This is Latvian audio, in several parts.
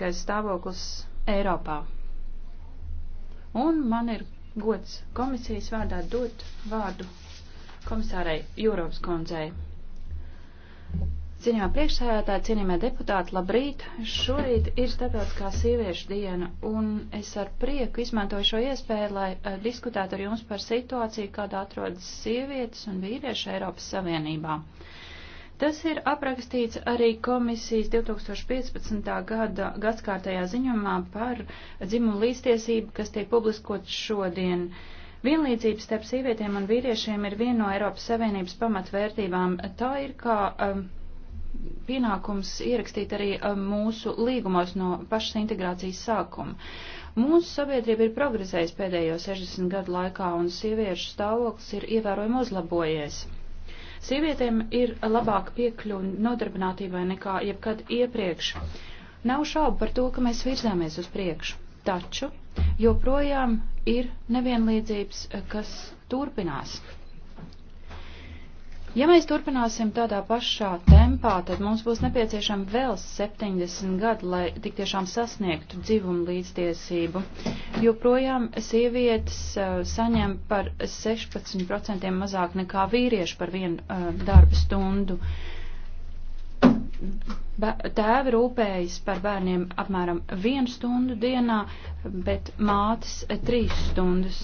politiskais stāvoklis Eiropā. Un man ir gods komisijas vārdā dot vārdu komisārai Jūrovas kundzei. Cienījumā priekšsēdētāji, cienījumā deputāti, labrīt! Šorīt ir starptautiskā sieviešu diena, un es ar prieku izmantoju šo iespēju, lai uh, diskutētu ar jums par situāciju, kādā atrodas sievietes un vīrieši Eiropas Savienībā. Uh, Tas ir aprakstīts arī komisijas 2015. gada gadskārtajā ziņumā par dzimumu līdztiesību, kas tiek publiskots šodien. Vienlīdzības starp sievietēm un vīriešiem ir viena no Eiropas Savienības pamatvērtībām. Tā ir kā um, pienākums ierakstīt arī um, mūsu līgumos no pašas integrācijas sākuma. Mūsu sabiedrība ir progresējusi pēdējo 60 gadu laikā, un sieviešu stāvoklis ir ievērojami uzlabojies. Sievietēm ir labāk piekļuvi nodarbinātībai nekā jebkad iepriekš. Nav šaubu par to, ka mēs virzāmies uz priekšu, taču joprojām ir nevienlīdzības, kas turpinās. Ja mēs turpināsim tādā pašā tempā, tad mums būs nepieciešama vēl 70 gadi, lai tik tiešām sasniegtu dzimumu līdztiesību. Joprojām sievietes uh, saņem par 16% mazāk nekā vīrieši par vienu uh, darba stundu. Ba tēvi rūpējas par bērniem apmēram 1 stundu dienā, bet mātes 3 stundas.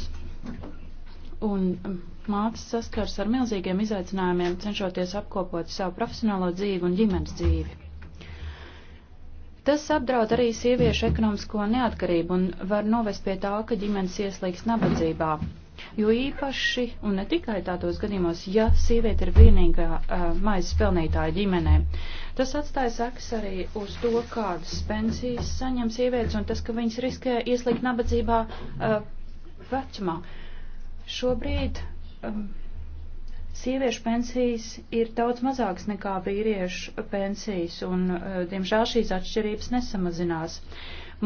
Un, um, mātes saskars ar milzīgiem izaicinājumiem, cenšoties apkopot savu profesionālo dzīvi un ģimenes dzīvi. Tas apdraud arī sieviešu ekonomisko neatkarību un var novest pie tā, ka ģimenes ieslīgs nabadzībā. Jo īpaši, un ne tikai tādos gadījumos, ja sieviete ir vienīgā uh, maizes pelnītāja ģimenē, tas atstāja sekas arī uz to, kādas pensijas saņem sievietes un tas, ka viņas riskē ieslīgt nabadzībā uh, vecumā. Šobrīd Um, sieviešu pensijas ir daudz mazākas nekā vīriešu pensijas, un, uh, diemžēl, šīs atšķirības nesamazinās.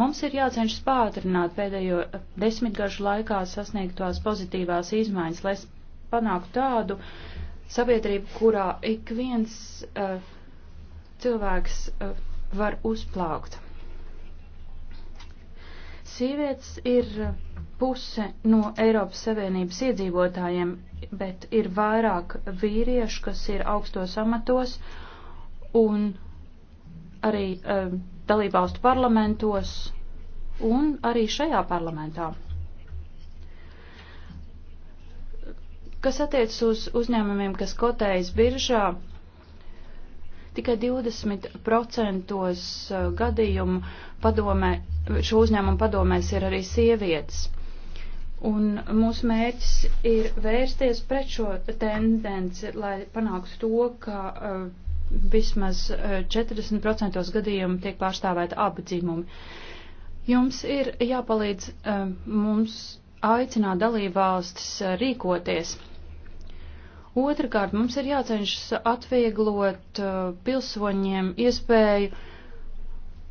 Mums ir jācenšas pātrināt pēdējo desmitgažu laikā sasniegtās pozitīvās izmaiņas, lai panāktu tādu sabiedrību, kurā ik viens uh, cilvēks uh, var uzplaukt. Sievietes ir puse no Eiropas Savienības iedzīvotājiem, bet ir vairāk vīriešu, kas ir augstos amatos un arī uh, dalībvalstu parlamentos un arī šajā parlamentā. Kas attiec uz uzņēmumiem, kas kotējas biržā, Tikai 20% eh, gadījumu padomē, šo uzņēmumu padomēs ir arī sievietes. Un mūsu mērķis ir vērsties pret šo tendenci, lai panāktu to, ka uh, vismaz 40% eh, gadījumu tiek pārstāvēta abi dzimumi. Jums ir jāpalīdz uh, mums aicināt dalībvalstis rīkoties Otrakārt, mums ir jācenšas atvieglot uh, pilsoņiem iespēju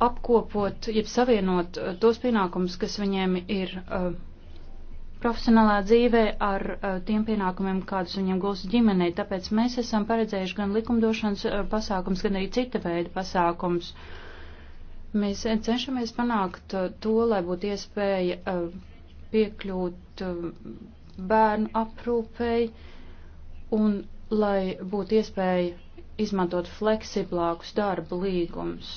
apkopot, jeb savienot uh, tos pienākumus, kas viņiem ir uh, profesionālā dzīvē ar uh, tiem pienākumiem, kādus viņiem gūst ģimenē. Tāpēc mēs esam paredzējuši gan likumdošanas uh, pasākums, gan arī cita veida pasākums. Mēs eh, cenšamies panākt uh, to, lai būtu iespēja piekļūt bērnu aprūpēji un lai būtu iespēja izmantot fleksiblākus darba līgumus.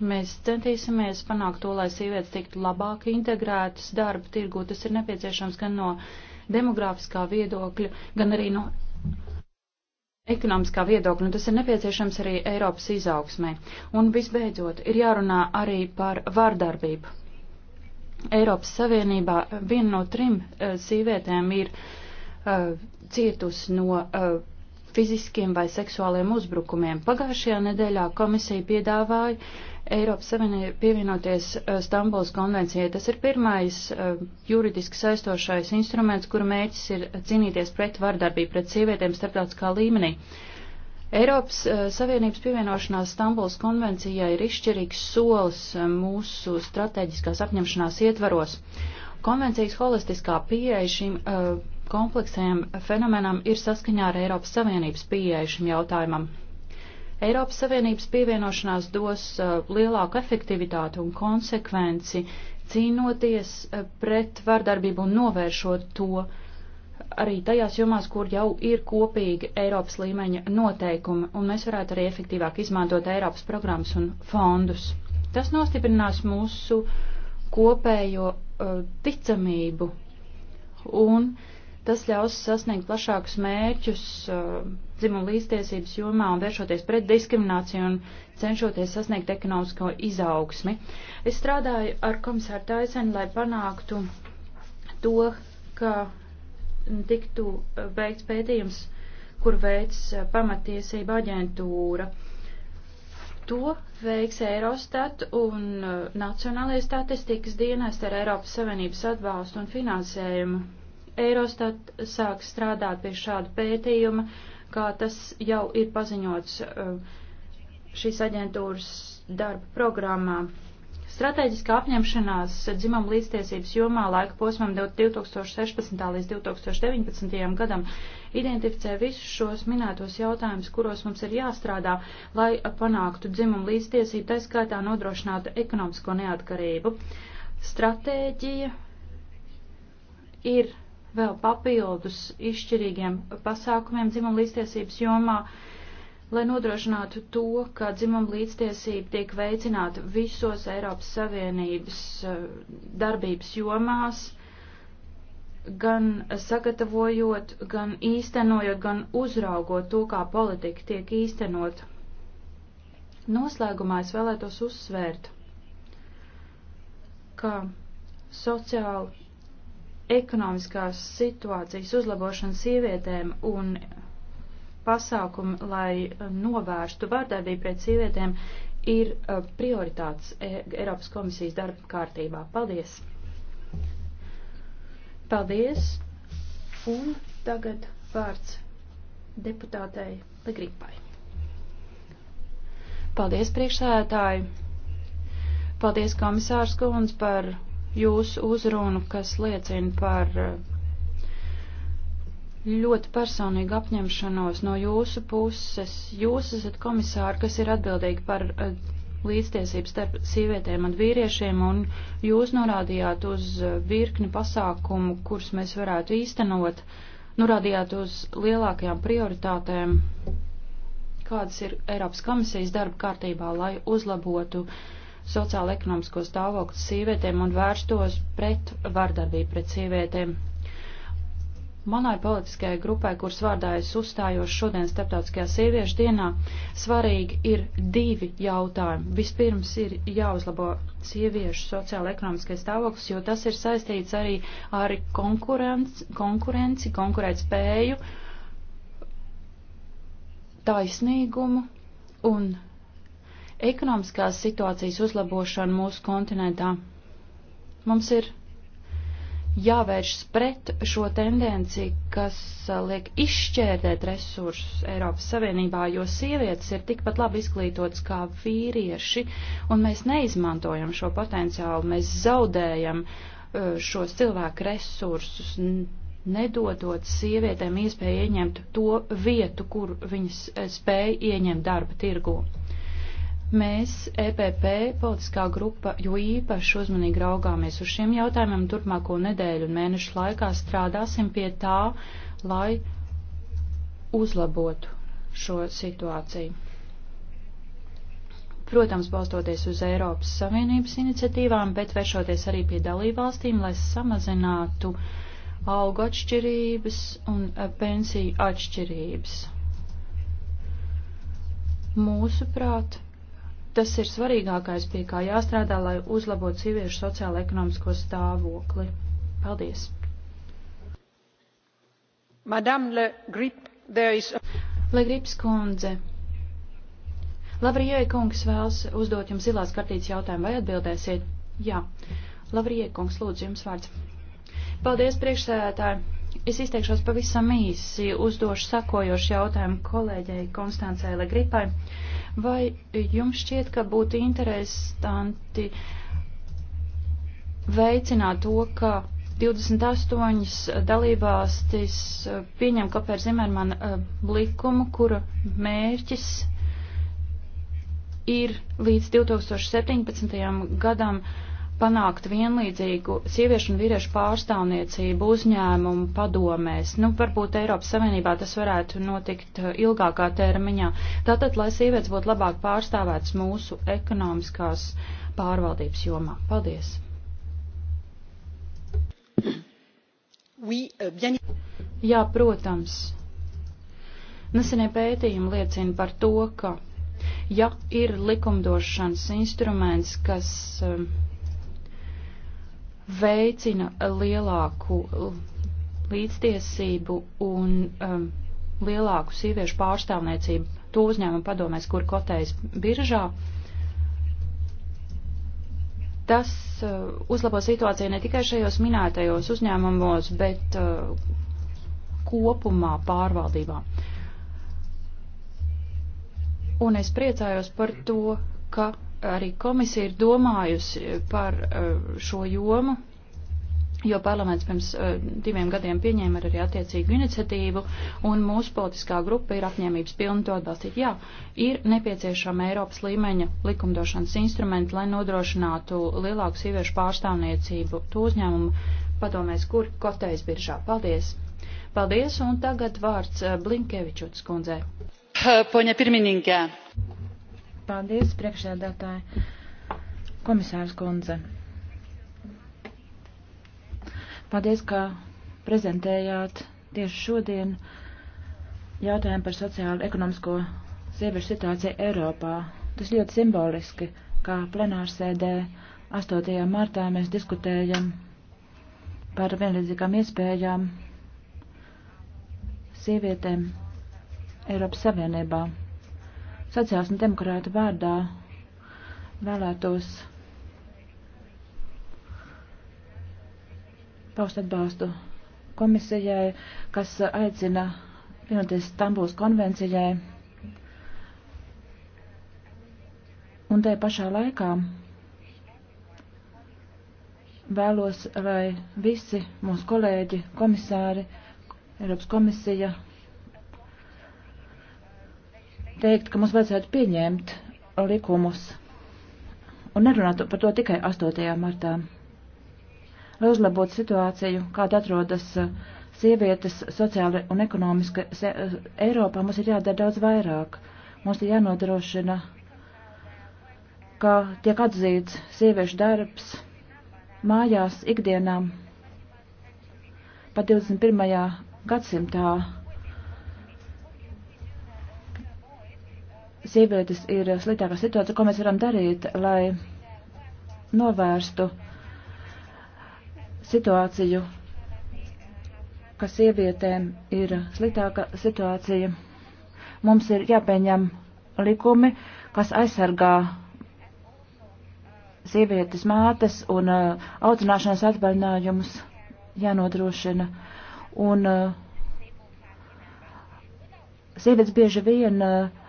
Mēs centīsimies panākt to, lai sievietes tiktu labāk integrētas darba tirgū. Tas ir nepieciešams gan no demografiskā viedokļa, gan arī no ekonomiskā viedokļa, un tas ir nepieciešams arī Eiropas izaugsmē. Un visbeidzot, ir jārunā arī par vārdarbību. Eiropas Savienībā viena no trim uh, eh, sīvietēm ir uh, cietusi no uh, fiziskiem vai seksuāliem uzbrukumiem. Pagājušajā nedēļā komisija piedāvāja Eiropas Savienību pievienoties uh, Stambuls konvencijai. Tas ir pirmais uh, juridiski saistošais instruments, kura mēģis ir cīnīties pret vardarbību pret sievietēm starptautiskā līmenī. Eiropas uh, Savienības pievienošanās Stambuls konvencijai ir izšķirīgs solis uh, mūsu strateģiskās apņemšanās ietvaros. Konvencijas holistiskā pieeja šīm uh, kompleksējam fenomenam ir saskaņā ar Eiropas Savienības pieeju šim jautājumam. Eiropas Savienības pievienošanās dos uh, lielāku efektivitāti un konsekvenci cīnoties uh, pret vardarbību un novēršot to arī tajās jomās, kur jau ir kopīgi Eiropas līmeņa noteikumi, un mēs varētu arī efektīvāk izmantot Eiropas programmas un fondus. Tas nostiprinās mūsu kopējo uh, ticamību un uh, Tas ļaus sasniegt plašākus mērķus uh, dzimuma līdztiesības jomā un vēršoties pret diskrimināciju un cenšoties sasniegt ekonomisko izaugsmi. Es strādāju ar komisāru Taisenu, lai panāktu to, ka tiktu veikts pētījums, kur veids uh, pamatiesība aģentūra. To veiks Eurostat un uh, Nacionālajie statistikas dienesti ar Eiropas Savienības atbalstu un finansējumu Eirostat sāk strādāt pie šāda pētījuma, kā tas jau ir paziņots eh, šīs aģentūras darba programmā. Strateģiskā apņemšanās dzimam līdztiesības jomā laika posmam 2016. līdz 2019. gadam identificē visus šos minētos jautājumus, kuros mums ir jāstrādā, lai panāktu dzimam līdztiesību, tā skaitā nodrošinātu ekonomisko neatkarību. Stratēģija ir vēl papildus izšķirīgiem pasākumiem dzimuma līdztiesības jomā, lai nodrošinātu to, ka dzimuma līdztiesība tiek veicināta visos Eiropas Savienības eh, darbības jomās, gan sagatavojot, gan īstenojot, gan uzraugot to, kā politika tiek īstenot. Noslēgumā es vēlētos uzsvērt, ka sociāli ekonomiskās situācijas uzlabošana sievietēm un pasākumi, lai uh, novērstu vārdarbību pret sievietēm, ir uh, prioritātes e, Eiropas komisijas darba kārtībā. Paldies! Paldies! Un tagad vārds deputātei Legripai. Paldies, priekšsēdētāji! Paldies, komisārs Kunz, par jūsu uzrunu, kas liecina par uh, ļoti personīgu apņemšanos no jūsu puses. Jūs esat komisāri, kas ir atbildīgi par uh, līdztiesību starp sievietēm un vīriešiem, un jūs norādījāt uz uh, virkni pasākumu, kurus mēs varētu īstenot, norādījāt uz lielākajām prioritātēm, kādas ir Eiropas komisijas darba kārtībā, lai uzlabotu uh, sociāla-ekonomisko stāvokli sievietēm un vērstos pret vardarbību pret sievietēm. Manai politiskajai grupai, kuras vārdā es uzstājos šodien starptautiskajā sieviešu dienā, svarīgi ir divi jautājumi. Vispirms ir jāuzlabo sieviešu sociāla-ekonomiskais stāvoklis, jo tas ir saistīts arī ar konkurenci, konkurenci konkurētspēju, taisnīgumu un ekonomiskās situācijas uzlabošanu mūsu kontinentā. Mums ir jāvēršas pret šo tendenci, kas uh, liek izšķērdēt resursus Eiropas Savienībā, jo sievietes ir tikpat labi izglītotas kā vīrieši, un mēs neizmantojam šo potenciālu, mēs zaudējam uh, šos cilvēku resursus, nedodot sievietēm iespēju ieņemt to vietu, kur viņas uh, spēja ieņemt darba tirgu. Mēs, EPP, politiskā grupa, jo īpaši uzmanīgi raugāmies uz šiem jautājumiem, turpmāko nedēļu un mēnešu laikā strādāsim pie tā, lai uzlabotu šo situāciju. Protams, balstoties uz Eiropas Savienības iniciatīvām, bet vēršoties arī pie dalībvalstīm, lai samazinātu algu atšķirības un e, pensiju atšķirības. Mūsuprāt, tas ir svarīgākais, pie kā jāstrādā, lai uzlabotu sieviešu sociālo-ekonomisko stāvokli. Paldies! Madame Le Grip, there is... Le Grips kundze. Lavrijai kungs vēlas uzdot jums zilās kartītes jautājumu, vai atbildēsiet? Jā. Lavrijai kungs, lūdzu, jums vārds. Paldies, priekšsēdētāji! Es izteikšos pavisam īsi, uzdošu sakojošu jautājumu kolēģei Konstancē Legripai. Uh, Vai jums šķiet, ka būtu interesanti veicināt to, ka 28 dalībvalstis eh, pieņem kopēr Zimermana eh, likumu, kura mērķis ir līdz 2017. gadam panākt vienlīdzīgu sieviešu un vīriešu pārstāvniecību uzņēmumu padomēs. Nu, varbūt Eiropas Savienībā tas varētu notikt uh, ilgākā termiņā. Tātad, lai sievietes būtu labāk pārstāvētas mūsu ekonomiskās pārvaldības jomā. Paldies! Oui, euh, bien... Jā, protams. Nesenie pētījumi liecina par to, ka ja ir likumdošanas instruments, kas um, veicina lielāku līdztiesību un um, lielāku sieviešu pārstāvniecību to uzņēmumu padomēs, kur kotējas biržā. Tas uh, uzlabo situāciju ne tikai šajos minētajos uzņēmumos, bet uh, kopumā pārvaldībā. Un es priecājos par to, ka arī komisija ir domājusi par e, šo jomu, jo parlaments pirms e, diviem gadiem pieņēma arī attiecīgu iniciatīvu, un mūsu politiskā grupa ir apņēmības pilna to atbalstīt. Jā, ir nepieciešama Eiropas līmeņa likumdošanas instrumenti, lai nodrošinātu lielāku sieviešu pārstāvniecību to uzņēmumu padomēs, kur kotējas biržā. Paldies! Paldies, un tagad vārds e, Blinkevičuts kundzei. Poņa pirmininkē. Paldies, priekšsēdētāji. Komisārs Kundze. Paldies, ka prezentējāt tieši šodien jautājumu par sociālu ekonomisko sieviešu situāciju Eiropā. Tas ļoti simboliski, kā plenārsēdē 8. martā mēs diskutējam par vienlīdzīgām iespējām sievietēm Eiropas Savienībā sociāls un demokrāta vārdā vēlētos paust atbalstu komisijai, kas aicina vienoties Stambuls konvencijai. Un tajā pašā laikā vēlos, lai visi mūsu kolēģi, komisāri, Eiropas komisija teikt, ka mums vajadzētu pieņemt likumus un nerunāt par to tikai 8. martā. Lai uzlabotu situāciju, kāda atrodas uh, sievietes sociāli un ekonomiski uh, Eiropā, mums ir jādara daudz vairāk. Mums ir jānodrošina, ka tiek atzīts sieviešu darbs mājās ikdienām pa 21. gadsimtā sievietes ir sliktākā situācija, ko mēs varam darīt, lai novērstu situāciju, ka sievietēm ir sliktāka situācija. Mums ir jāpieņem likumi, kas aizsargā sievietes mātes un uh, audzināšanas atvaļinājumus jānodrošina. Un uh, sievietes bieži vien uh,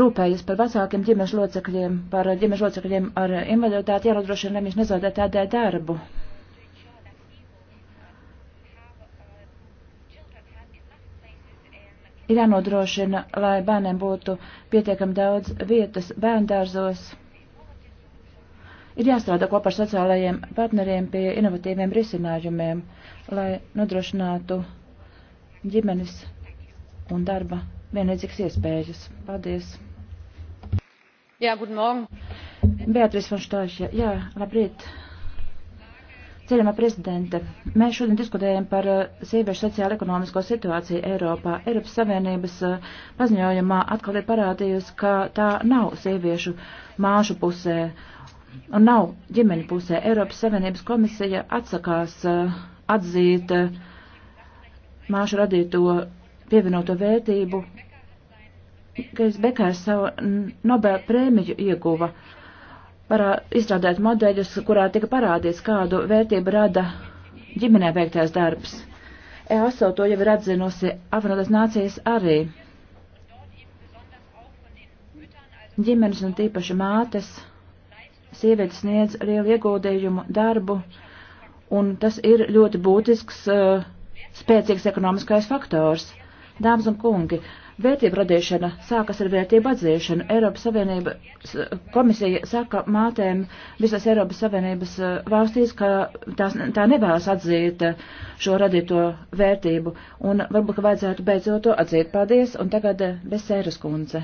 rūpējas par vecākiem ģimenes locekļiem, par ģimenes locekļiem ar invaliditāti, jānodrošina, lai viņš nezaudē tādēļ darbu. Ir jānodrošina, lai bērniem būtu pietiekami daudz vietas bērndārzos. Ir jāstrādā kopā ar sociālajiem partneriem pie inovatīviem risinājumiem, lai nodrošinātu ģimenes un darba vienlīdzīgas iespējas. Paldies! Jā, guten morgen! Beatrice von Štāša, jā, labrīt! Ceļamā prezidente, mēs šodien diskutējam par eh, sieviešu sociālo-ekonomisko situāciju Eiropā. Eiropas Savienības eh, paziņojumā atkal ir parādījusi, ka tā nav sieviešu māšu pusē un nav ģimeņu pusē. Eiropas Savienības komisija atsakās eh, atzīt māšu radīto pievienoto vērtību. Keis Bekers savu Nobel prēmiju ieguva, parā, izstrādājot modeļus, kurā tika parādīts, kādu vērtību rada ģimenē veiktais darbs. EASO to jau ir atzinusi, apvienotās nācijas arī. Ģimenes un tīpaši mātes, sievietes sniedz lielu ieguldījumu darbu, un tas ir ļoti būtisks, uh, spēcīgs ekonomiskais faktors. Dāmas un kungi, vērtību radīšana sākas ar vērtību atzīšanu. Eiropas Savienības komisija saka mātēm visas Eiropas Savienības eh, valstīs, ka tās, tā nevēlas atzīt eh, šo radīto vērtību. Un varbūt, ka vajadzētu beidzot to atzīt. Paldies, un tagad eh, Besēras kundze.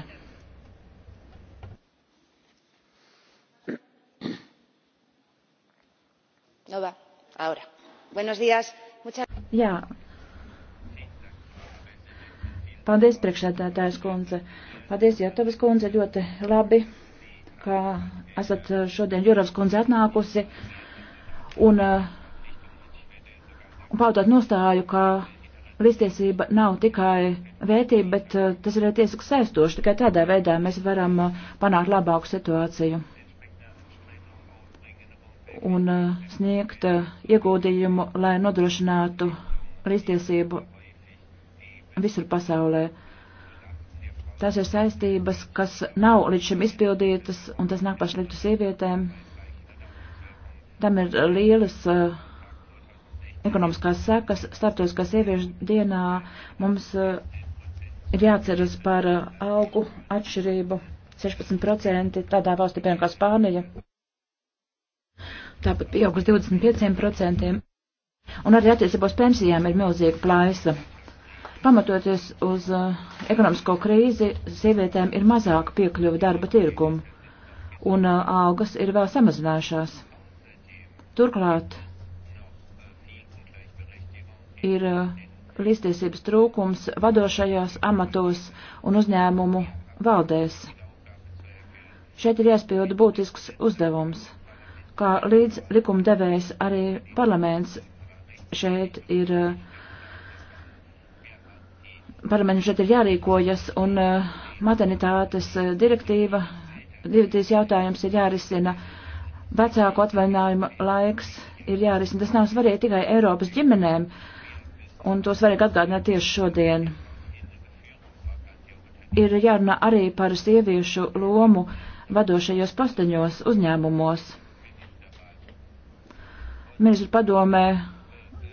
No va, ahora. Buenos días. Muchas... Jā, Paldies, priekšsēdētājs kundze. Paldies, Jotovas kundze, ļoti labi, ka esat uh, šodien Jurovas kundze atnākusi un, uh, un pautot nostāju, ka līdztiesība nav tikai vērtība, bet uh, tas ir tiesiski saistoši. Tikai tādā veidā mēs varam panākt labāku situāciju un sniegt ieguldījumu, lai nodrošinātu līdztiesību visur pasaulē. Tās ir saistības, kas nav līdz šim izpildītas, un tas nāk par sliktu sievietēm. Tam ir lielas uh, ekonomiskās sekas. Startautiskā sieviešu dienā mums uh, ir jāceras par uh, eh, augu atšķirību 16% tādā valstī, piemēram, kā Spānija. Tāpat pieaugus 25%. Un arī attiecībos pensijām ir milzīga plaisa. Pamatoties uz eh, ekonomisko krīzi, sievietēm ir mazāk piekļuva darba tirkumu, un eh, algas ir vēl samazinājušās. Turklāt ir eh, līdztiesības trūkums vadošajos amatos un uzņēmumu valdēs. Šeit ir jāspilda būtisks uzdevums, kā līdz likumdevējs arī parlaments šeit ir uh, parlamentam šeit ir jārīkojas, un uh, maternitātes eh, direktīva, divatīs jautājums ir jārisina, vecāku atvaļinājuma laiks ir jārisina. Tas nav svarīgi tikai Eiropas ģimenēm, un to svarīgi atgādināt tieši šodien. Ir jārunā arī par sieviešu lomu vadošajos posteņos uzņēmumos. Ministru padomē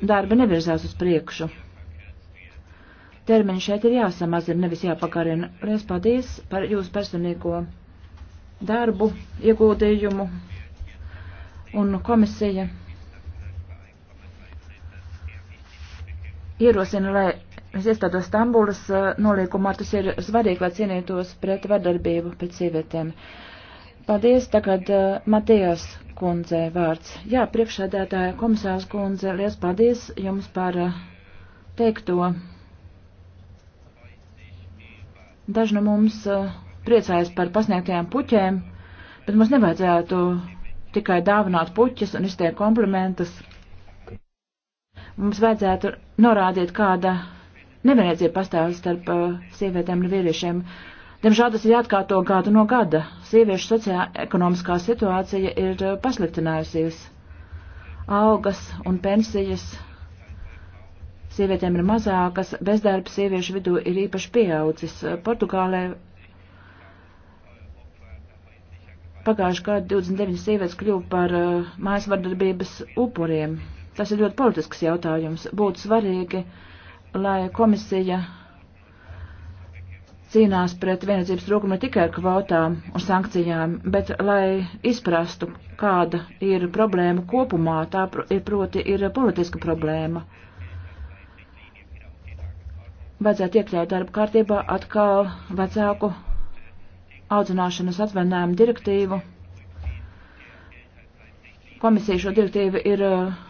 darbi nevirzās uz priekšu. Termiņi šeit ir jāsamazina, nevis jāpagarina. Lies paldies par jūsu personīgo darbu, ieguldījumu un komisija ierosina, lai es iestādos Stambulas eh, nolīgumā, tas ir svarīgi, lai cienītos pret vardarbību pret sievietēm. Paldies, tagad eh, Matijas kundze vārds. Jā, priekšsēdētāja komisārs kundze, liels paldies jums par eh, teikto. Daži no mums eh, priecājas par pasniegtajām puķēm, bet mums nevajadzētu tikai dāvināt puķes un izteikt komplimentus. Mums vajadzētu norādīt, kāda nevienlīdzība pastāv starp uh, sievietēm un vīriešiem. Diemžēl tas ir jāatkārto gadu no gada. Sieviešu sociāla-ekonomiskā situācija ir eh, pasliktinājusies. Algas un pensijas sievietēm ir mazākas, bezdarbs sieviešu vidū ir īpaši pieaudzis. Portugālē pagājuši gadu 29 sievietes kļuva par uh, eh, mājas vardarbības upuriem. Tas ir ļoti politisks jautājums. Būtu svarīgi, lai komisija cīnās pret vienadzības trūkumu ne tikai ar kvotām un sankcijām, bet lai izprastu, kāda ir problēma kopumā, tā ir proti ir politiska problēma vajadzētu iekļaut darba kārtībā atkal vecāku audzināšanas atvainājumu direktīvu. Komisija šo direktīvu ir uh,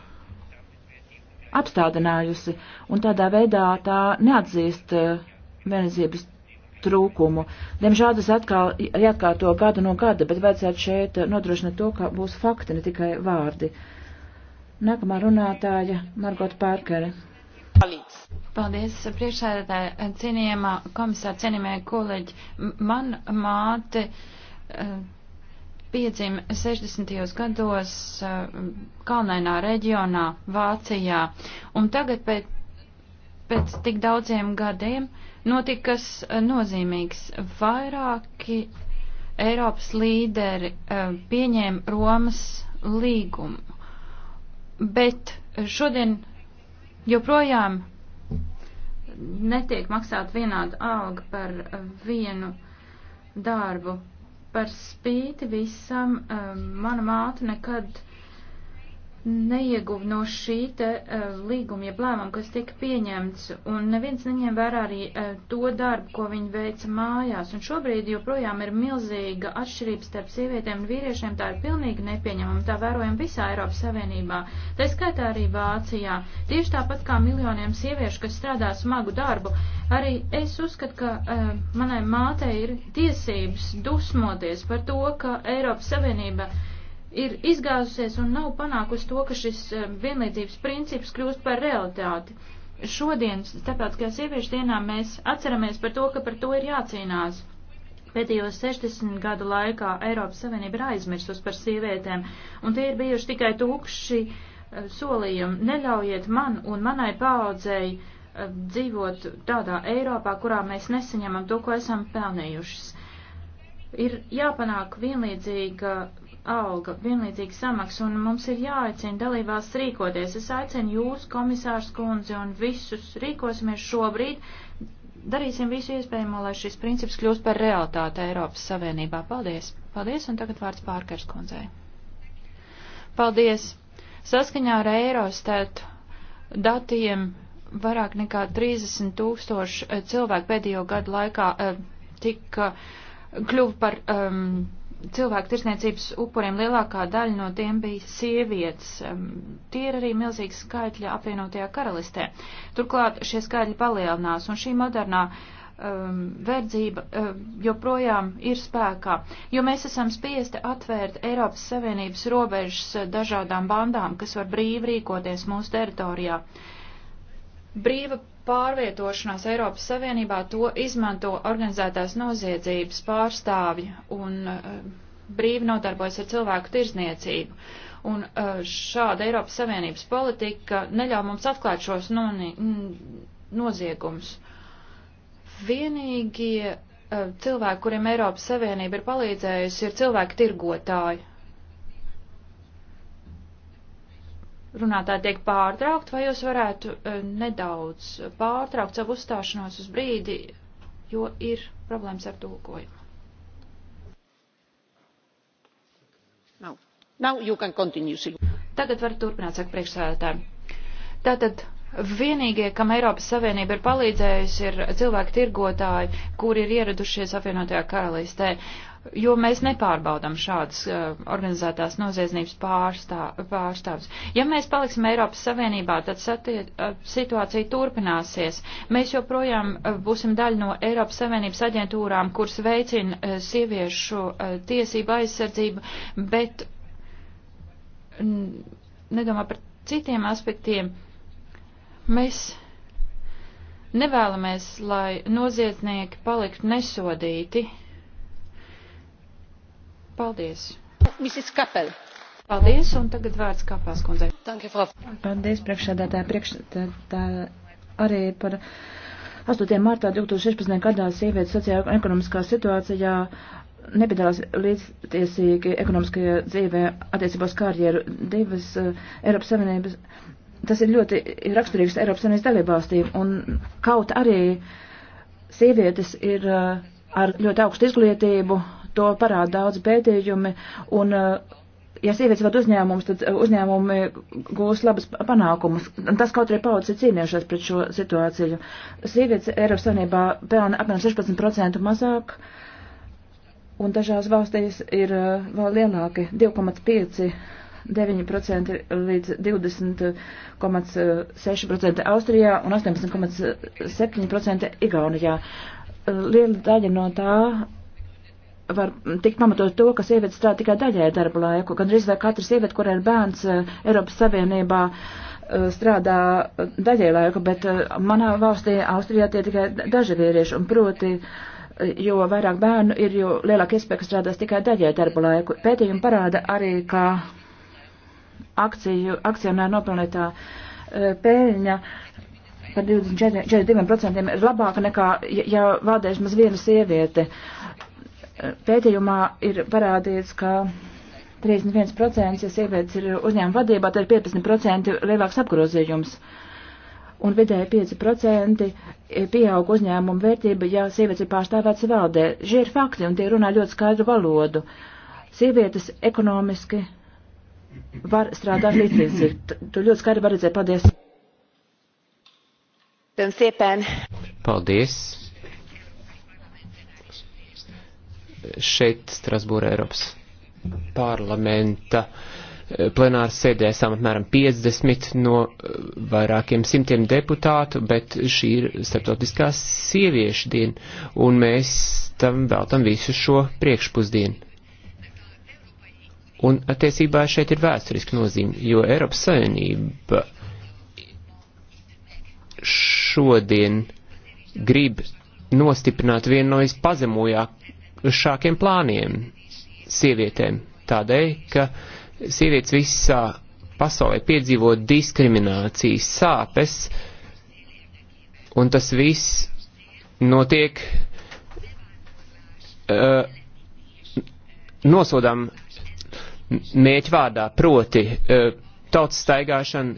apstādinājusi, un tādā veidā tā neatzīst uh, vienlīdzības trūkumu. Diemžēl tas atkal jāatkārto gadu no gada, bet vajadzētu šeit uh, nodrošināt to, ka būs fakti, ne tikai vārdi. Nākamā runātāja Margot Pārkere. Paldies, priekšsēdētāji, cienījamā komisāra, cienījamie kolēģi. Man māte eh, piedzima 60. gados eh, kalnainā reģionā Vācijā, un tagad pēc, pēc tik daudziem gadiem notika kas eh, nozīmīgs. Vairāki Eiropas līderi pieņēma Romas līgumu, bet šodien joprojām netiek maksāt vienāda alga par vienu darbu. Par spīti visam, eh, mana māte nekad neieguv no šī te uh, līguma, jeb lēmuma, kas tika pieņemts, un neviens neņem vērā arī uh, to darbu, ko viņi veica mājās. Un šobrīd joprojām ir milzīga atšķirība starp sievietēm un vīriešiem, tā ir pilnīgi nepieņemama, tā vērojam visā Eiropas Savienībā, tā skaitā arī Vācijā. Tieši tāpat kā miljoniem sieviešu, kas strādā smagu darbu, arī es uzskatu, ka uh, manai mātei ir tiesības dusmoties par to, ka Eiropas Savienība uh, ir izgāzusies un nav panākusi to, ka šis eh, vienlīdzības princips kļūst par realitāti. Šodien, starptautiskajā sieviešu dienā, mēs atceramies par to, ka par to ir jācīnās. Pēdējos 60 gadu laikā Eiropas Savienība ir aizmirsus par sievietēm, un tie ir bijuši tikai tukši eh, solījumi. Neļaujiet man un manai paudzei eh, dzīvot tādā Eiropā, kurā mēs nesaņemam to, ko esam pelnījušas. Ir jāpanāk vienlīdzīga alga, vienlīdzīga samaksa, un mums ir jāaicina dalībās rīkoties. Es aicinu jūs, komisārs kundzi, un visus rīkosimies šobrīd. Darīsim visu iespējamo, lai šis princips kļūst par realitāti Eiropas Savienībā. Paldies! Paldies, un tagad vārds Pārkars kundzei. Paldies! Saskaņā ar Eirostat datiem vairāk nekā 30 tūkstoši cilvēku pēdējo gadu laikā eh, tika kļuva par um, cilvēku tirsniecības upuriem lielākā daļa no tiem bija sievietes. Tie ir arī milzīgi skaitļi apvienotajā karalistē. Turklāt šie skaitļi palielinās, un šī modernā um, verdzība um, joprojām ir spēkā, jo mēs esam spiesti atvērt Eiropas Savienības robežas eh, dažādām bandām, kas var brīvi rīkoties mūsu teritorijā. Brīva pārvietošanās Eiropas Savienībā to izmanto organizētās noziedzības pārstāvji un eh, brīvi nodarbojas ar cilvēku tirzniecību. Un eh, šāda Eiropas Savienības politika neļauj mums atklāt šos noni, noziegumus. Vienīgie eh, cilvēki, kuriem Eiropas Savienība ir palīdzējusi, ir cilvēki tirgotāji. runātāji tiek pārtraukt, vai jūs varētu e, nedaudz pārtraukt savu uzstāšanos uz brīdi, jo ir problēmas ar tulkojumu. Now. Now you can continue. Tagad var turpināt, saka priekšsēdētāji. Tātad Vienīgie, kam Eiropas Savienība ir palīdzējusi, ir cilvēki tirgotāji, kuri ir ieradušies apvienotajā karalistē, jo mēs nepārbaudam šādas uh, organizētās noziedzības pārstā, pārstāvs. Ja mēs paliksim Eiropas Savienībā, tad satie, uh, situācija turpināsies. Mēs joprojām uh, būsim daļa no Eiropas Savienības aģentūrām, kuras veicina uh, sieviešu uh, tiesību aizsardzību, bet nedomā par citiem aspektiem. Uh, Mēs nevēlamies, lai noziedznieki paliktu nesodīti. Paldies. Mrs. Kapel. Paldies, un tagad vārds Kapels kundzei. Paldies, priekšsēdētāji. Priekšsēdētāji arī par 8. martā 2016. gadā sievietes sociālā un ekonomiskā situācijā nepiedalās līdztiesīgi ekonomiskajā dzīvē attiecībās karjeru. Divas uh, Eiropas Savienības tas ir ļoti raksturīgs Eiropas Savienības dalībvalstīm, un kaut arī sievietes ir eh, ar ļoti augstu izglītību, to parāda daudz pētījumi, un eh, ja sievietes vada uzņēmumus, tad eh, uzņēmumi gūs labas panākumus. Tas kaut arī paudzes ir cīnījušās pret šo situāciju. Sievietes Eiropas Savienībā pelna apmēram 16% mazāk, un dažās valstīs ir vēl lielāki 2,5% 9% līdz 20,6% Austrijā un 18,7% Igaunijā. Liela daļa no tā var tikt pamatot to, ka sieviete strādā tikai daļēju darbu laiku. Gan drīz vai katra sieviete, kurai ir bērns eh, Eiropas Savienībā, eh, strādā daļēju laiku, bet eh, manā valstī, Austrijā, tie tikai daži vīrieši. Un proti, jo vairāk bērnu ir, jo lielāka iespēja, ka strādās tikai daļēju darbu laiku. Pētījumi parāda arī, ka akciju, akcionāru nopelnītā e, pēļņa par 42% ir labāka nekā, ja, ja valdēs maz viena sieviete. E, pētījumā ir parādīts, ka 31%, ja sievietes ir uzņēmuma vadībā, tad ir 15% lielāks apgrozījums. Un vidēji 5% pieaug uzņēmuma vērtība, ja sievietes ir pārstāvētas valdē. Šie ir fakti, un tie runā ļoti skaidru valodu. Sievietes ekonomiski var strādāt līdztiesīgi. Tu ļoti skaidri var redzēt. Paldies! Paldies! Šeit Strasbūra Eiropas parlamenta eh, plenāra sēdē esam apmēram 50 no eh, vairākiem simtiem deputātu, bet šī ir starptautiskā sieviešu diena, un mēs tam veltam visu šo priekšpusdienu. Un attiecībā šeit ir vēsturiski nozīme, jo Eiropas Savienība šodien grib nostiprināt vienu no vispazemojākajiem plāniem sievietēm. Tādēļ, ka sievietes visā pasaulē piedzīvo diskriminācijas sāpes, un tas viss notiek uh, nosodām mēķi vārdā, proti eh, tautas staigāšana,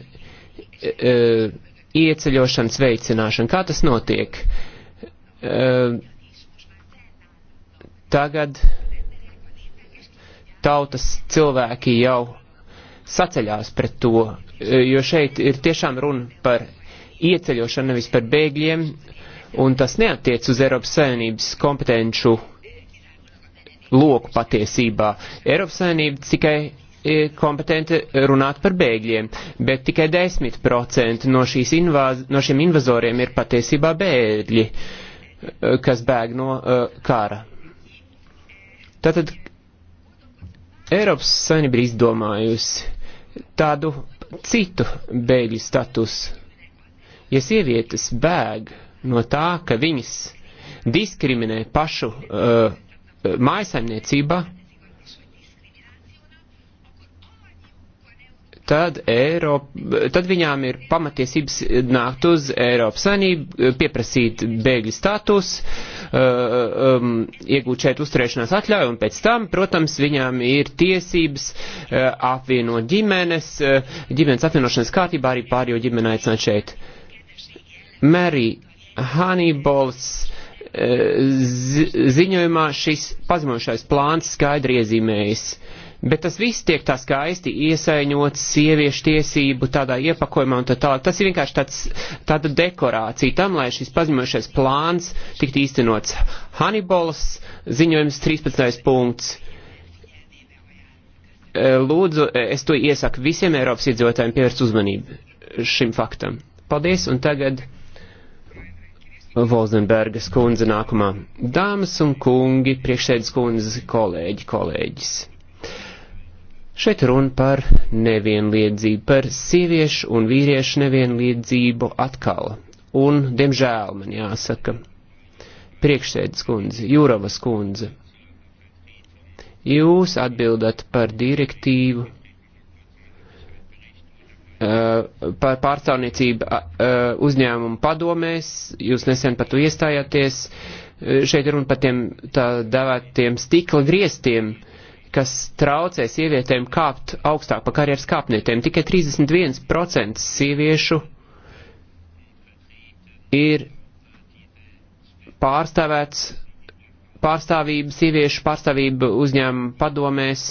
eh, ieceļošanas veicināšana. Kā tas notiek? Eh, tagad tautas cilvēki jau saceļās pret to, jo šeit ir tiešām runa par ieceļošanu, nevis par bēgļiem, un tas neatiec uz Eiropas Savienības kompetenču uh, loku patiesībā. Eiropas Savienība tikai e, kompetenti runāt par bēgļiem, bet tikai 10% no, invāz, no šiem invazoriem ir patiesībā bēgļi, e, kas bēg no uh, kara. Tātad Eiropas Savienība ir izdomājusi tādu citu bēgļu statusu. Ja sievietes bēg no tā, ka viņas diskriminē pašu uh, Eh, mājasaimniecība, tad, Eiropa, tad viņām ir pamatiesības nākt uz Eiropas Savienību, eh, pieprasīt bēgļu status, eh, um, iegūt šeit uzturēšanās atļauju, un pēc tam, protams, viņām ir tiesības apvienot ģimenes, ģimenes apvienošanas kārtībā arī pārējo ģimeni aicināt šeit. Mary Hannibals ziņojumā šis pazemošais plāns skaidri iezīmējas. Bet tas viss tiek tā skaisti iesaiņots sieviešu tiesību tādā iepakojumā un tā tālāk. Tas ir vienkārši tāds, tāda dekorācija tam, lai šis pazemošais plāns tiktu īstenots. Hannibals ziņojums 13. punkts. E, lūdzu, e, es to iesaku visiem Eiropas iedzīvotājiem pievērst uzmanību šim faktam. Paldies, un tagad. Volzenbergas kundze nākamā. Dāmas un kungi, priekšsēdus kundzes kolēģi, kolēģis. Šeit runa par nevienliedzību, par sieviešu un vīriešu nevienliedzību atkal. Un, diemžēl, man jāsaka, priekšsēdus kundze, Jūravas kundze, jūs atbildat par direktīvu Eh, par pārstāvniecību eh, uzņēmumu padomēs, jūs nesen par to iestājāties, eh, šeit runa par tiem tā dēvētiem stikla griestiem, kas traucē sievietēm kāpt augstāk pa karjeras kāpnietēm. Tikai 31% sieviešu ir pārstāvēts pārstāvība, sieviešu pārstāvība uzņēmuma padomēs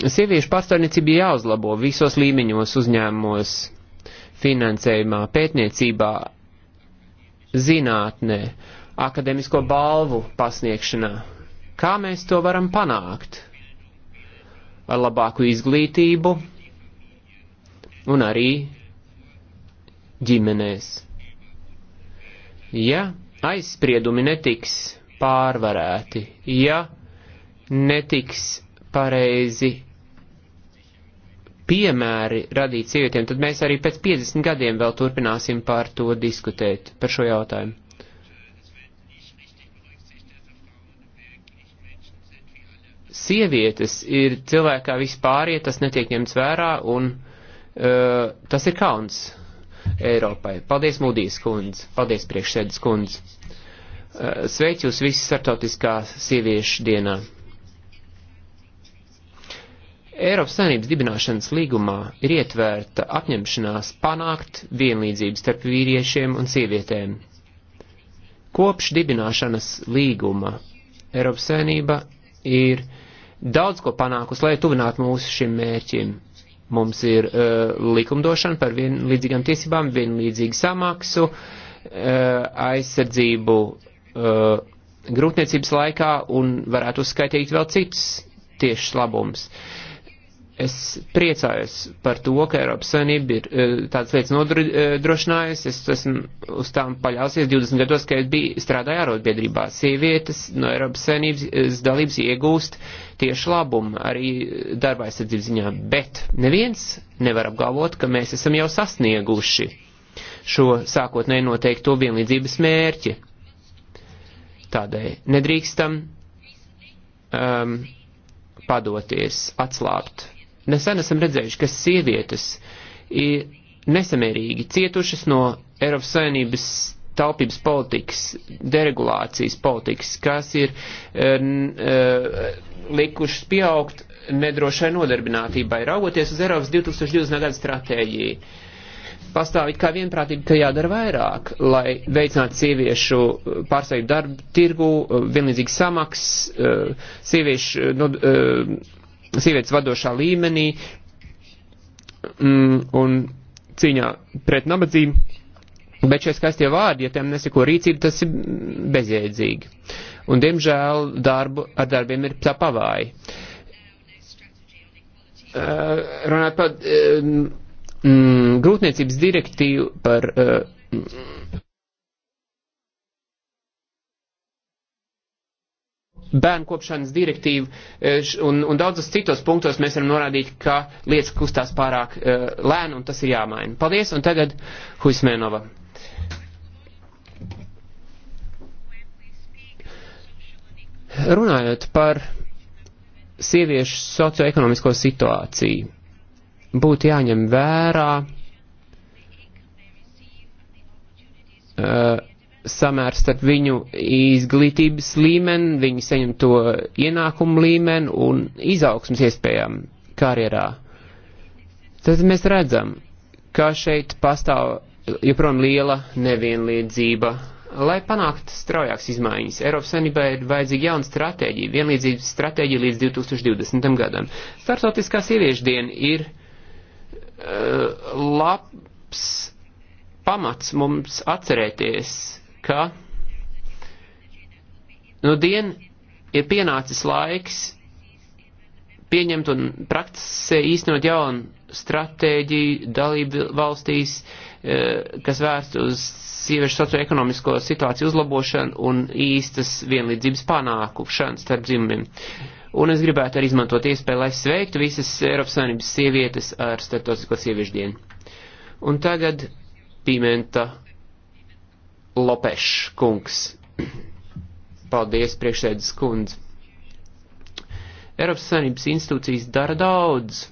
sieviešu pārstāvniecība jāuzlabo visos līmeņos uzņēmumos, finansējumā, pētniecībā, zinātnē, akademisko balvu pasniegšanā. Kā mēs to varam panākt? Ar labāku izglītību un arī ģimenēs. Ja aizspriedumi netiks pārvarēti, ja netiks pareizi piemēri radīt sievietēm, tad mēs arī pēc 50 gadiem vēl turpināsim par to diskutēt, par šo jautājumu. Sievietes ir cilvēkā vispārie, tas netiek ņemts vērā, un uh, tas ir kauns Eiropai. Paldies, Mūdijas kundze, paldies, priekšsēdes kundze. Uh, eh, sveicu jūs visus startautiskā sieviešu dienā. Eiropas Savienības dibināšanas līgumā ir ietvērta apņemšanās panākt vienlīdzību starp vīriešiem un sievietēm. Kopš dibināšanas līguma Eiropas Savienība ir daudz ko panākusi, lai tuvinātu mūsu šim mērķim. Mums ir uh, likumdošana par vienlīdzīgām tiesībām, vienlīdzīgu samaksu, uh, aizsardzību uh, grūtniecības laikā un varētu uzskaitīt vēl citus tiešus labumus. Uh, Es priecājos par to, ka Eiropas Savienība ir eh, tādas lietas nodrošinājusi. Eh, es esmu uz tām paļausies 20 gados, kad biju strādāju ārotbiedrībā. Sievietes no Eiropas Savienības eh, dalības iegūst tieši labumu arī darba aizsardzības ziņā, bet neviens nevar apgalvot, ka mēs esam jau sasnieguši šo sākotnēji noteikto vienlīdzības mērķi. Tādēļ nedrīkstam um, padoties, atslābt. Nesen esam redzējuši, ka sievietes ir nesamērīgi cietušas no Eiropas Savienības taupības politikas, deregulācijas politikas, kas ir eh, n, n, eh, likušas pieaugt nedrošai nodarbinātībai, raugoties uz Eiropas 2020. gada stratēģiju. Pastāv it kā vienprātība, ka jādara vairāk, lai veicinātu sieviešu eh, pārstāvību darbu tirgu, vienlīdzīgi samaks, sieviešu. No, sievietes vadošā līmenī mm, un cīņā pret nabadzību. Bet šie skaistie vārdi, ja tiem neseko rīcība, tas ir bezjēdzīgi. Un, diemžēl, darbu ar darbiem ir tā pavāja. Uh, eh, runāt par uh, mm, grūtniecības direktīvu par uh, bērnu kopšanas direktīvu e, un, un daudzas citos punktos mēs varam norādīt, ka lietas kustās pārāk uh, lēni un tas ir jāmaina. Paldies, un tagad Huismēnova. Runājot par sieviešu socioekonomisko situāciju, būtu jāņem vērā uh, samērs starp viņu izglītības līmeni, viņu saņemto ienākumu līmeni un izaugsmas iespējām karjerā. Tad mēs redzam, ka šeit pastāv joprojām liela nevienlīdzība. Lai panāktu straujākas izmaiņas, Eiropas Savienībai ir vajadzīga jauna stratēģija, vienlīdzības stratēģija līdz 2020. gadam. Startautiskā sieviešu diena ir uh, labs pamats mums atcerēties, ka nu dien ir pienācis laiks pieņemt un praktisē īstenot jaunu stratēģiju dalību valstīs, eh, kas vērst uz sieviešu socioekonomisko situāciju uzlabošanu un īstas vienlīdzības panākušanu starp dzimumiem. Un es gribētu arī izmantot iespēju, lai sveiktu visas Eiropas Savienības sievietes ar starptautisko sieviešu dienu. Un tagad pimenta Lopešs kungs. Paldies, priekšsēdus kundze. Eiropas Savienības institūcijas dara daudz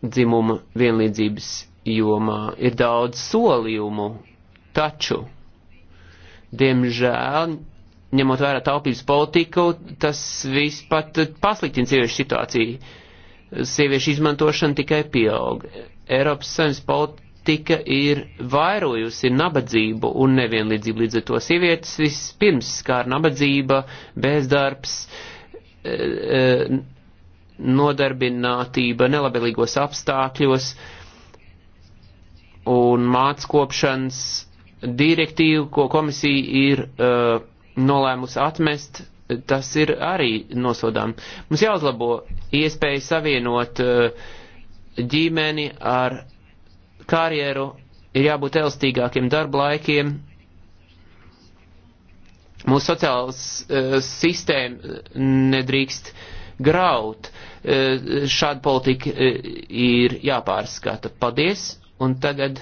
dzimuma vienlīdzības jomā. Ir daudz solījumu, taču, diemžēl, ņemot vērā taupības politiku, tas viss pat pasliktina sieviešu situāciju. Sieviešu izmantošana tikai pieaug. Eiropas Savienības politika politika ir vairojusi nabadzību un nevienlīdzību. Līdz ar to sievietes vispirms skār nabadzība, bezdarbs, e, e, nodarbinātība nelabelīgos apstākļos un māckopšanas direktīvu, ko komisija ir uh, nolēmusi atmest, tas ir arī nosodām. Mums jāuzlabo iespēja savienot uh, ģimeni ar karjeru, ir jābūt elastīgākiem darba laikiem. Mūsu sociālas uh, eh, sistēma eh, nedrīkst graut. Uh, šāda politika uh, ir jāpārskata. Paldies! Un tagad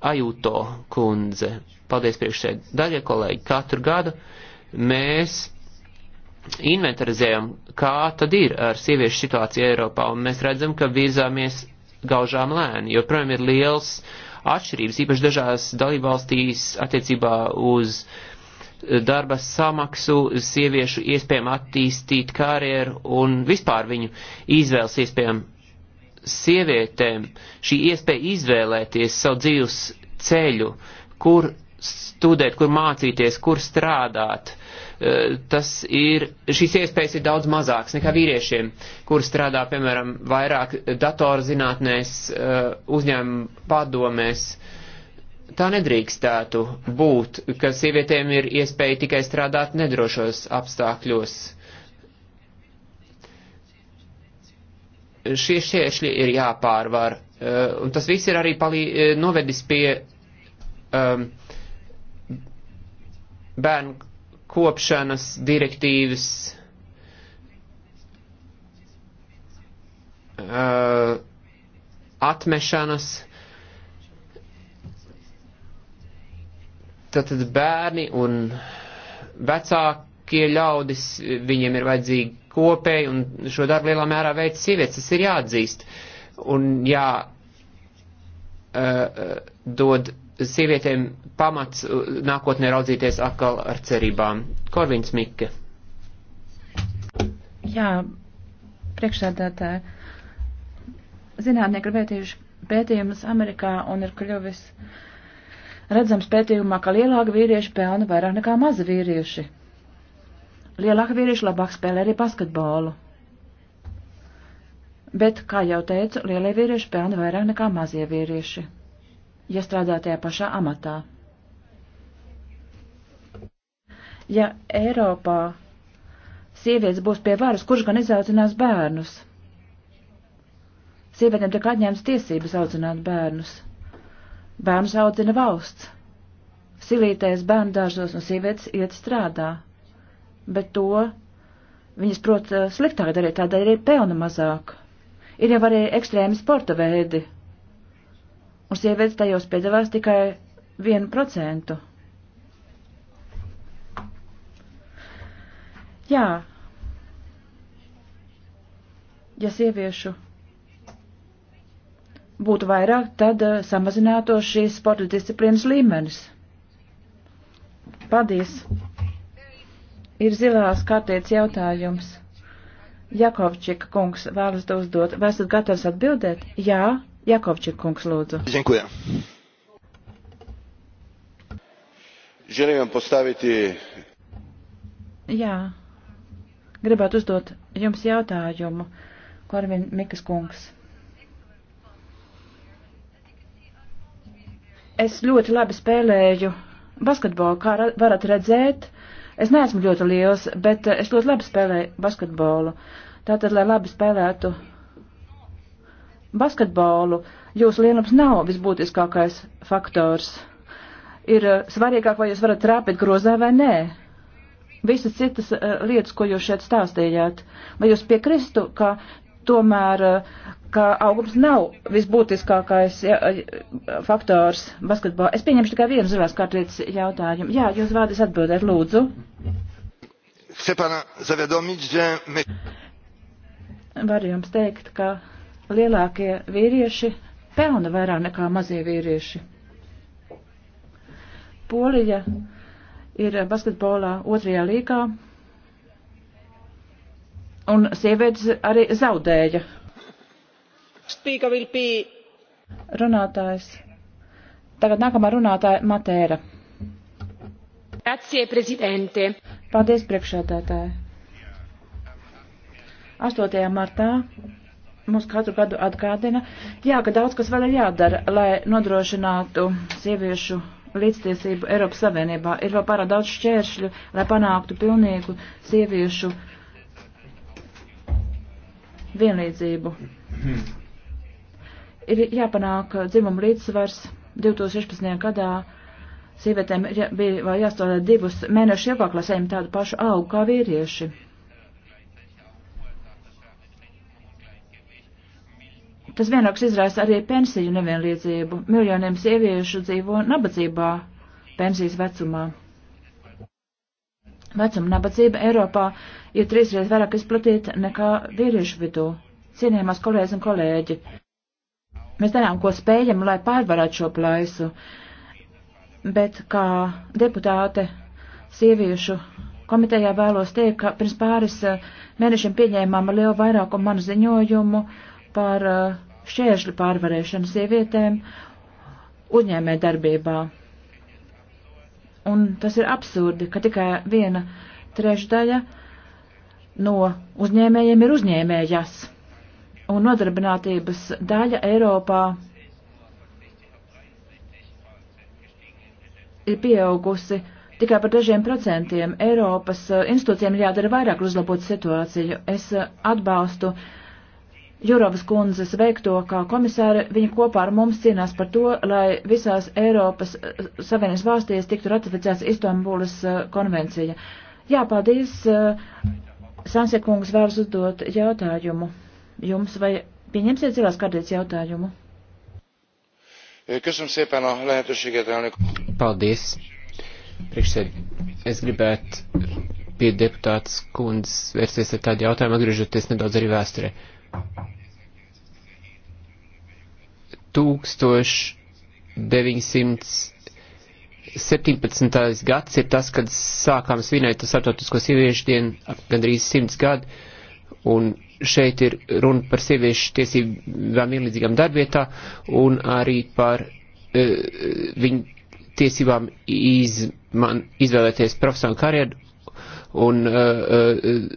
Ajuto kundze. Paldies priekšsēd. Daļie kolēģi, katru gadu mēs inventarizējam, kā tad ir ar sieviešu situāciju Eiropā, un mēs redzam, ka virzāmies gaužām lēni, jo, protams, ir liels atšķirības, īpaši dažās dalībvalstīs attiecībā uz eh, darba samaksu, sieviešu iespējām attīstīt karjeru un vispār viņu izvēles iespējām sievietēm šī iespēja izvēlēties savu dzīves ceļu, kur studēt, kur mācīties, kur strādāt, Eh, tas ir, šīs iespējas ir daudz mazākas nekā vīriešiem, kur strādā, piemēram, vairāk datorzinātnēs, eh, uzņēmuma padomēs. Tā nedrīkstētu būt, ka sievietēm ir iespēja tikai strādāt nedrošos apstākļos. Šie šķēršļi ir jāpārvar, eh, un tas viss ir arī palī, novedis pie um, bērnu kopšanas direktīvas. Uh, atmešanas. Tātad bērni un vecākie ļaudis, viņiem ir vajadzīgi kopēji, un šo darbu lielā mērā veids sievietes, tas ir jāatzīst. Un jā, uh, uh dod sievietēm pamats uh, nākotnē raudzīties atkal ar cerībām. Korvins Mikke. Jā, priekšsēdētāji. Zinātnieki ir pētījuši pētījumus Amerikā un ir kļuvis redzams pētījumā, ka lielāka vīrieši pelna vairāk nekā maza vīrieši. Lielāka vīrieši labāk spēlē arī basketbolu. Bet, kā jau teicu, lielie vīrieši pelna vairāk nekā mazie vīrieši ja strādā tajā pašā amatā. Ja Eiropā sievietes būs pie varas, kurš gan izaudzinās bērnus? Sievietēm tiek atņemts tiesības audzināt bērnus. Bērnus audzina valsts. Silītēs bērnu dārzos un sievietes iet strādā. Bet to viņas prot eh, sliktāk darīt, tādēļ ir pelna mazāk. Ir jau arī ekstrēmi sporta veidi, un sievietes tajos piedalās tikai 1%. Jā, ja sieviešu būtu vairāk, tad eh, samazinātos šīs sporta disciplīnas līmenis. Paldies! Ir zilās kārtēts jautājums. Jakovčika kungs vēlas to uzdot. Vai esat gatavs atbildēt? Jā, Jakovčik kungs lūdzu. Dziękuję. Želim vam postaviti. Jā. Gribētu uzdot jums jautājumu, Korvin Mikas kungs. Es ļoti labi spēlēju basketbolu, kā varat redzēt. Es neesmu ļoti liels, bet es ļoti labi spēlēju basketbolu. Tātad, lai labi spēlētu basketbolu jūsu lienums nav visbūtiskākais faktors. Ir eh, svarīgāk, vai jūs varat trāpīt grozā vai nē. Visas citas eh, lietas, ko jūs šeit stāstījāt, vai jūs piekristu, ka tomēr, eh, ka augums nav visbūtiskākais ja, faktors basketbolā. Es pieņemšu tikai vienu zilās kārtības jautājumu. Jā, jūs vārdis atbildēt, lūdzu. Varu jums teikt, ka lielākie vīrieši pelna vairāk nekā mazie vīrieši. Polija ir basketbolā otrajā līgā, un sievietes arī zaudēja. Runātājs. Tagad nākamā runātāja Matēra. Grazie, prezidente. Paldies, priekšsēdētāji. 8. martā mums katru gadu atgādina, jā, ka daudz kas vēl ir jādara, lai nodrošinātu sieviešu līdztiesību Eiropas Savienībā. Ir vēl pārāk daudz šķēršļu, lai panāktu pilnīgu sieviešu vienlīdzību. Ir jāpanāk dzimumu līdzsvars 2016. gadā. Sievietēm bija jāstāvē divus mēnešus ilgāk, lai saņemtu tādu pašu augu kā vīrieši. Tas vienlaiks izraisa arī pensiju nevienlīdzību. Miljoniem sieviešu dzīvo nabadzībā pensijas vecumā. Vecuma nabadzība Eiropā ir trīsreiz vairāk izplatīta nekā vīriešu vidū. Cienījamās kolēģis un kolēģi, mēs darām, ko spējam, lai pārvarētu šo plaisu, bet kā deputāte sieviešu komitejā vēlos teikt, ka pirms pāris eh, mēnešiem pieņēmām lielu vairākumu manu ziņojumu par uh, šķēršļu pārvarēšanu sievietēm uzņēmē darbībā. Un tas ir absurdi, ka tikai viena trešdaļa no uzņēmējiem ir uzņēmējas. Un nodarbinātības daļa Eiropā ir pieaugusi tikai par dažiem procentiem. Eiropas eh, institūcijiem ir jādara vairāk, lai uzlabotu situāciju. Es eh, atbalstu uh, Jurovas kundzes veikto kā komisāra, viņa kopā ar mums cīnās par to, lai visās Eiropas eh, Savienības valstīs tiktu ratificēts Istanbulas eh, konvencija. Jā, paldies. Eh, Sansekungs vēlas uzdot jautājumu. Jums vai pieņemsiet zilās kārtības jautājumu? Paldies. Priekšsēd, es gribētu pie deputātas kundzes vērsties ar tādu jautājumu, atgriežoties nedaudz arī vēsturē. 1917. gads ir tas, kad sākām svinēt starptautisko sieviešu dienu, gandrīz simts gadu, un šeit ir runa par sieviešu tiesībām vienlīdzīgām darbietā un arī par uh, viņu tiesībām izman, izvēlēties profesionālu karjeru un uh, uh,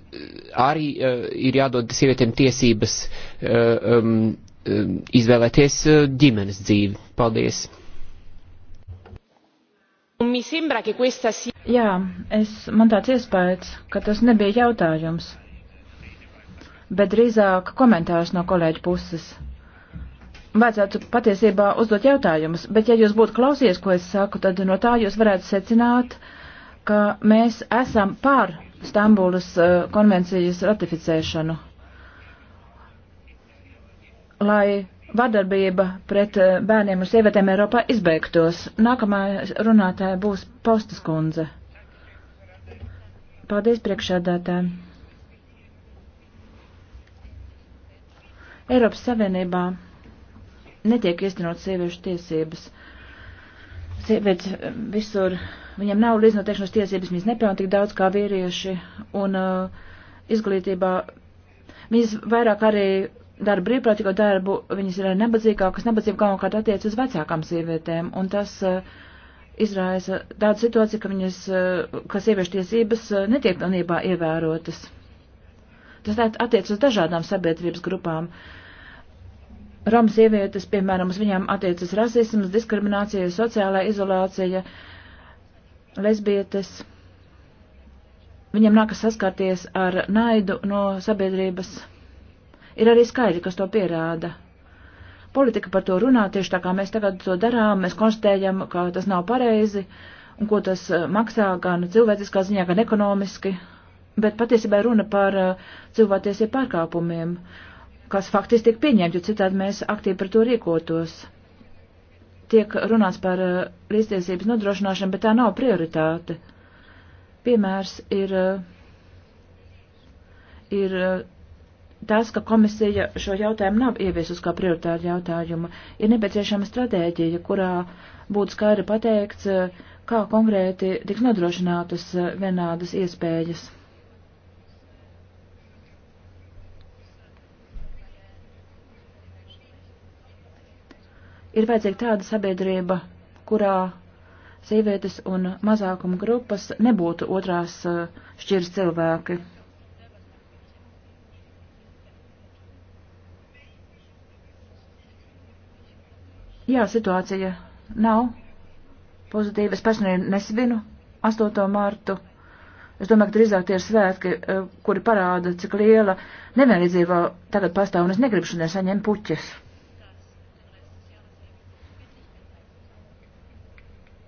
arī uh, ir jādod sievietēm tiesības uh, um, um izvēlēties uh, ģimenes dzīvi. Paldies! Jā, es, man tāds iespējas, ka tas nebija jautājums, bet drīzāk komentārs no kolēģa puses. Vajadzētu patiesībā uzdot jautājumus, bet ja jūs būtu klausies, ko es saku, tad no tā jūs varētu secināt, uh, ka mēs esam par Stambulas uh, konvencijas ratificēšanu, lai vardarbība pret uh, bērniem un sievietēm Eiropā izbeigtos. Nākamā runātāja būs Postas kundze. Paldies priekšādātājiem. Eiropas Savienībā netiek iestenot sieviešu tiesības. Sievietes uh, visur Viņam nav līdznoteikšanas tiesības, viņas nepelna tik daudz kā vīrieši, un uh, izglītībā viņas vairāk arī dara brīvprātīgo darbu, viņas ir arī nebadzīgākas, nebadzība galvenokārt attiec uz vecākām sievietēm, un tas uh, izraisa tādu situāciju, ka viņas, uh, ka sieviešu tiesības uh, netiek pilnībā ievērotas. Tas attiec uz dažādām sabiedrības grupām. Uh, Romas sievietes, piemēram, uz viņām attiecas rasisms, diskriminācija, sociālā izolācija, lesbietes, viņiem nākas saskarties ar naidu no sabiedrības. Ir arī skaidri, kas to pierāda politika par to runā, tieši tā kā mēs tagad to darām, mēs konstatējam, ka tas nav pareizi un ko tas eh, maksā gan cilvēciskā ziņā, gan ekonomiski, bet patiesībā runa par eh, cilvēktiesību pārkāpumiem, kas faktiski tiek pieņemti, jo citādi mēs aktīvi par to rīkotos tiek runāts par uh, līdztiesības nodrošināšanu, bet tā nav prioritāte. Piemērs ir, uh, ir uh, tas, ka komisija šo jautājumu nav ieviesus kā prioritāru jautājumu. Ir nepieciešama stratēģija, kurā būtu skaidri pateikts, kā konkrēti tiks nodrošinātas vienādas iespējas. Ir vajadzīga tāda sabiedrība, kurā sievietes un mazākuma grupas nebūtu otrās uh, šķiras cilvēki. Jā, situācija nav pozitīva. Es personīgi nesvinu 8. mārtu. Es domāju, ka drīzāk tie ir svētki, uh, kuri parāda, cik liela nevienlīdzība tagad pastāv, un es negribu šodien saņemt puķes.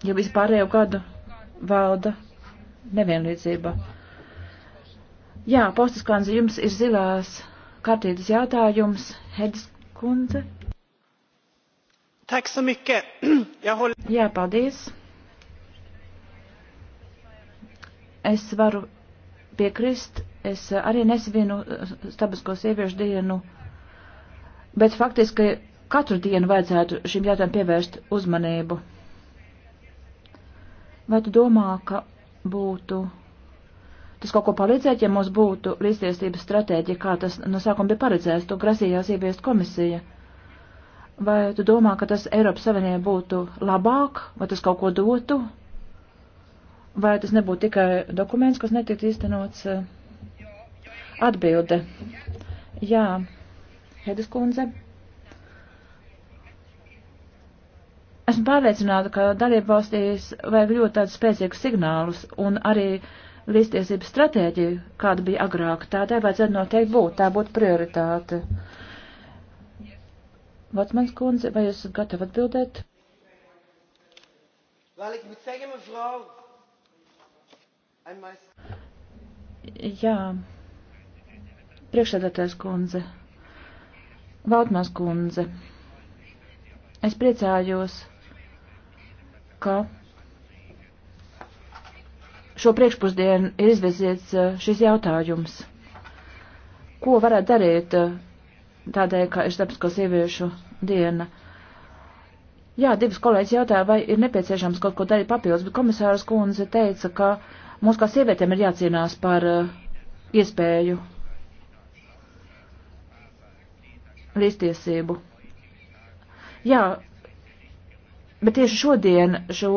jo vispārējo gadu valda nevienlīdzība. Jā, postaskāns, jums ir zilās kārtības jautājums, Hedis kundze. Tak så mycket. Jag håller... Jā, paldies. Es varu piekrist. Es arī nesvinu eh, stabisko sieviešu dienu, bet faktiski katru dienu vajadzētu šim jautājumam pievērst uzmanību. Vai tu domā, ka būtu tas kaut ko palīdzēt, ja mums būtu līdztiesības stratēģija, kā tas no sākuma bija paredzēts, to grasījās ieviest komisija? Vai tu domā, ka tas Eiropas Savienībai būtu labāk, vai tas kaut ko dotu? Vai tas nebūtu tikai dokuments, kas netiktu īstenots? Atbilde. Jā, Hedas kundze. Esmu pārliecināta, ka dalību valstīs vajag ļoti tādus spēcīgus signālus un arī līdztiesības stratēģiju, kāda bija agrāk. Tādai vajadzētu noteikti būt, tā būtu prioritāte. Vatsmans kundze, vai jūs esat gatavi atbildēt? Jā, priekšsēdētājs kundze, Valtmans kundze, es priecājos ka šo priekšpusdienu ir izvirzīts eh, šis jautājums. Ko varētu darīt eh, tādēļ, ka ir starpsko sieviešu diena? Jā, divas kolēģis jautāja, vai ir nepieciešams kaut ko darīt papildus, bet komisāras kundze teica, ka mums kā sievietēm ir jācīnās par eh, iespēju līdztiesību. Jā, Bet tieši šodien šo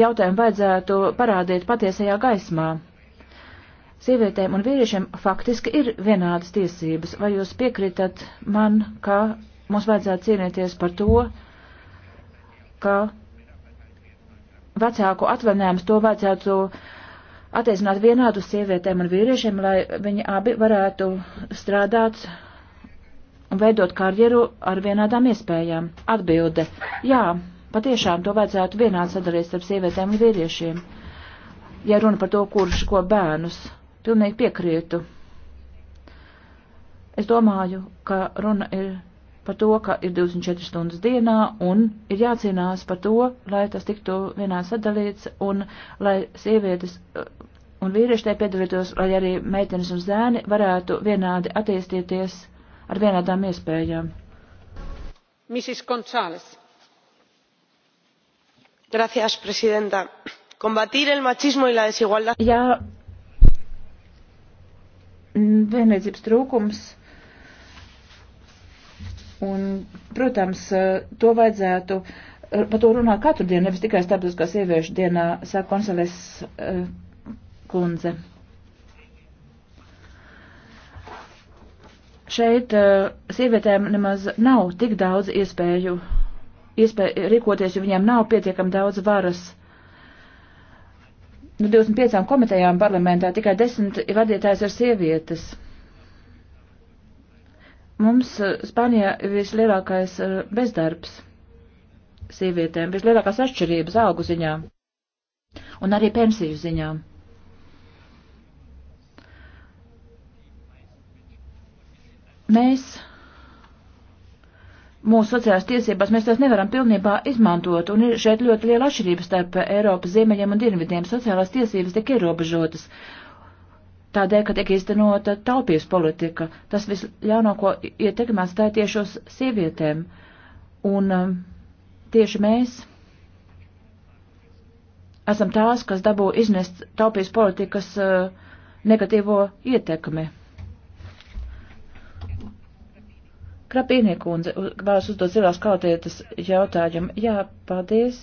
jautājumu vajadzētu parādīt patiesajā gaismā. Sievietēm un vīriešiem faktiski ir vienādas tiesības. Vai jūs piekritat man, ka mums vajadzētu cīnīties par to, ka vecāku atvaļinājums to vajadzētu attiecināt vienādu sievietēm un vīriešiem, lai viņi abi varētu strādāt un veidot karjeru ar vienādām iespējām? Atbilde. Jā. Patiešām to vajadzētu vienāds sadarīt starp sievietēm un vīriešiem. Ja runa par to, kurš ko bērnus, pilnīgi piekrītu. Es domāju, ka runa ir par to, ka ir 24 stundas dienā un ir jācīnās par to, lai tas tiktu vienā sadalīts un lai sievietes eh, un vīrieši tajā piedalītos, lai arī meitenes un zēni varētu vienādi attīstīties ar vienādām iespējām. Mrs. Gonzales señora presidenta combatir el machismo y la desigualdad. ja vienlīdzības trūkums un, protams, to vajadzētu par to runāt katru dienu, nevis tikai starptautiskā sieviešu dienā, saka konsulēs uh, eh, kundze. Šeit uh, sievietēm nemaz nav tik daudz iespēju iespēja rīkoties, jo viņiem nav pietiekami daudz varas. No nu, 25 komitejām parlamentā tikai 10 vadītājs ir sievietes. Mums eh, Spānijā ir vislielākais eh, bezdarbs sievietēm, vislielākās atšķirības algu ziņā un arī pensiju ziņā. Mēs mūsu sociālās tiesībās mēs tās nevaram pilnībā izmantot, un ir šeit ļoti liela atšķirība starp Eiropas ziemeļiem un dienvidiem. Sociālās tiesības tiek ierobežotas tādēļ, ka tiek īstenota taupības politika. Tas visļaunāko ietekmē atstāja tieši uz sievietēm, un um, tieši mēs esam tās, kas dabū iznest taupības politikas uh, negatīvo ietekmi. Krapīnie kundze vēlas uzdot zilās kautietas jautājumu. Jā, paldies.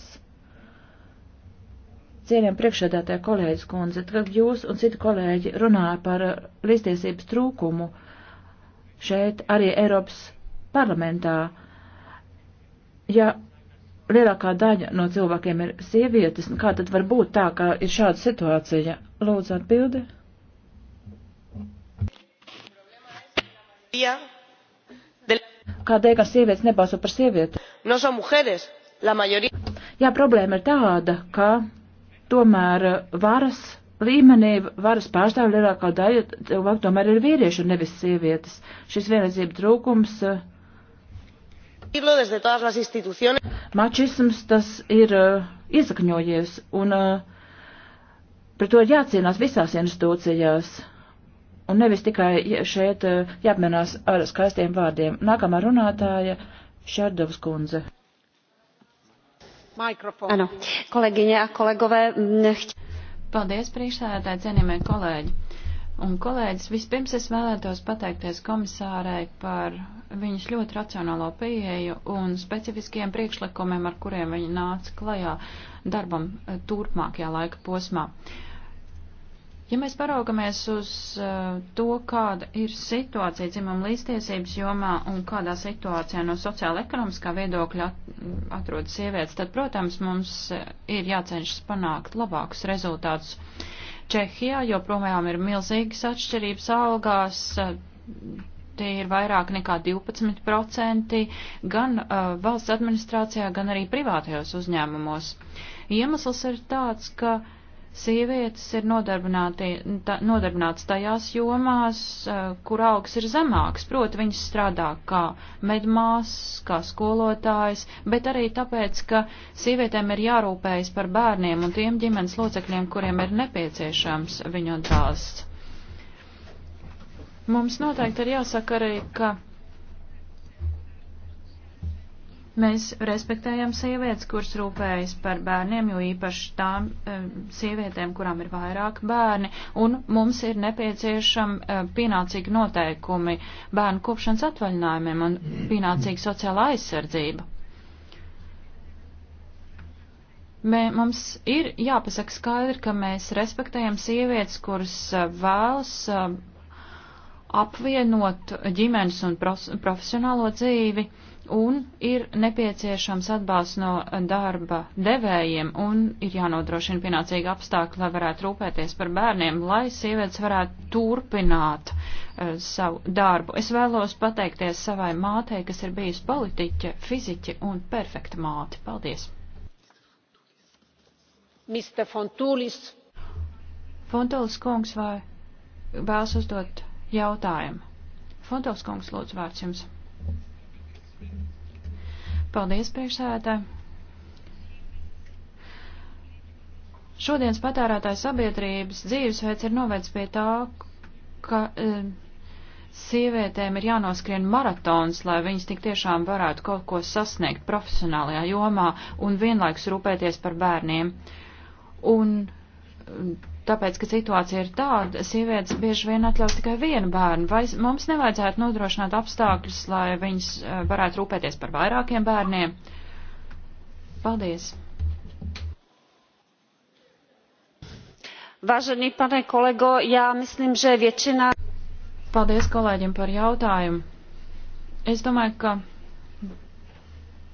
Cieniem priekšēdētāja kolēģis kundze, kad jūs un citi kolēģi runāja par uh, līdztiesības trūkumu šeit arī Eiropas parlamentā, ja lielākā daļa no cilvēkiem ir sievietes, kā tad var būt tā, ka ir šāda situācija? Lūdzu atbildi. Yeah. Ja Kādēļ gan sievietes nebalso par sievieti? No son mujeres, la mayoría. Jā, problēma ir tāda, ka tomēr varas līmenī varas pārstāvja lielākā daļa cilvēku tomēr ir vīrieši un nevis sievietes. Šis vienlīdzība trūkums. Eh, mačisms tas ir uh, iesakņojies un uh, eh, pret to ir jācīnās visās institūcijās. Un nevis tikai šeit eh, jāapmienās ar skaistiem vārdiem. Nākamā runātāja Šardovs kundze. Mikrofons. Ano, kolēģiņa, kolegovē. Paldies, priekšsēdētāji, cienījamie kolēģi. Un kolēģis, vispirms es vēlētos pateikties komisārai par viņas ļoti racionālo pieeju un specifiskiem priekšlikumiem, ar kuriem viņa nāca klajā darbam eh, turpmākajā laika posmā. Uh, Ja mēs paraugamies uz uh, to, kāda ir situācija dzimuma līdztiesības jomā un kādā situācijā no sociāla-ekonomiskā viedokļa at, atrodas sievietes, tad, protams, mums uh, ir jācenšas panākt labākus rezultātus. Čehijā joprojām ir milzīgas atšķirības algās, uh, tie ir vairāk nekā 12% gan uh, valsts administrācijā, gan arī privātajos uzņēmumos. Iemesls ir tāds, ka uh, sievietes ir nodarbinātas tajās jomās, eh, kur augs ir zemāks, proti viņas strādā kā medmās, kā skolotājs, bet arī tāpēc, ka sievietēm ir jārūpējas par bērniem un tiem ģimenes locekļiem, kuriem ir nepieciešams viņu atbalsts. Mums noteikti ir jāsaka arī, ka Mēs respektējam sievietes, kuras rūpējas par bērniem, jo īpaši tām e, sievietēm, kurām ir vairāk bērni, un mums ir nepieciešami e, pienācīgi noteikumi bērnu kopšanas atvaļinājumiem un pienācīga sociāla aizsardzība. Mē, mums ir jāpasaka skaidri, ka mēs respektējam sievietes, kuras eh, vēlas apvienot ģimenes un profesionālo dzīvi un ir nepieciešams atbalsts no darba devējiem, un ir jānodrošina pienācīgi apstākļi, lai varētu rūpēties par bērniem, lai sievietes varētu turpināt uh, savu darbu. Es vēlos pateikties savai mātei, kas ir bijusi politiķe, fiziķe un perfekta māte. Paldies! Mr. Fontūlis. Fontūlis kungs vai vēlas uzdot jautājumu? Fontūlis kungs, lūdzu, vārds jums. Paldies, priekšsēdētāji! Šodienas patērētāja sabiedrības dzīvesveids ir novēdz pie tā, ka e, sievietēm ir jānoskrien maratons, lai viņas tik tiešām varētu kaut ko sasniegt profesionālajā jomā un vienlaiks rūpēties par bērniem. Un tāpēc, ka situācija ir tāda, sievietes bieži vien atļauj tikai vienu bērnu. Vai mums nevajadzētu nodrošināt apstākļus, lai viņas eh, varētu rūpēties par vairākiem bērniem? Paldies! Vážený pane kolego, já myslím, že většina. Paldies kolēģim par jautājumu. Es domāju, ka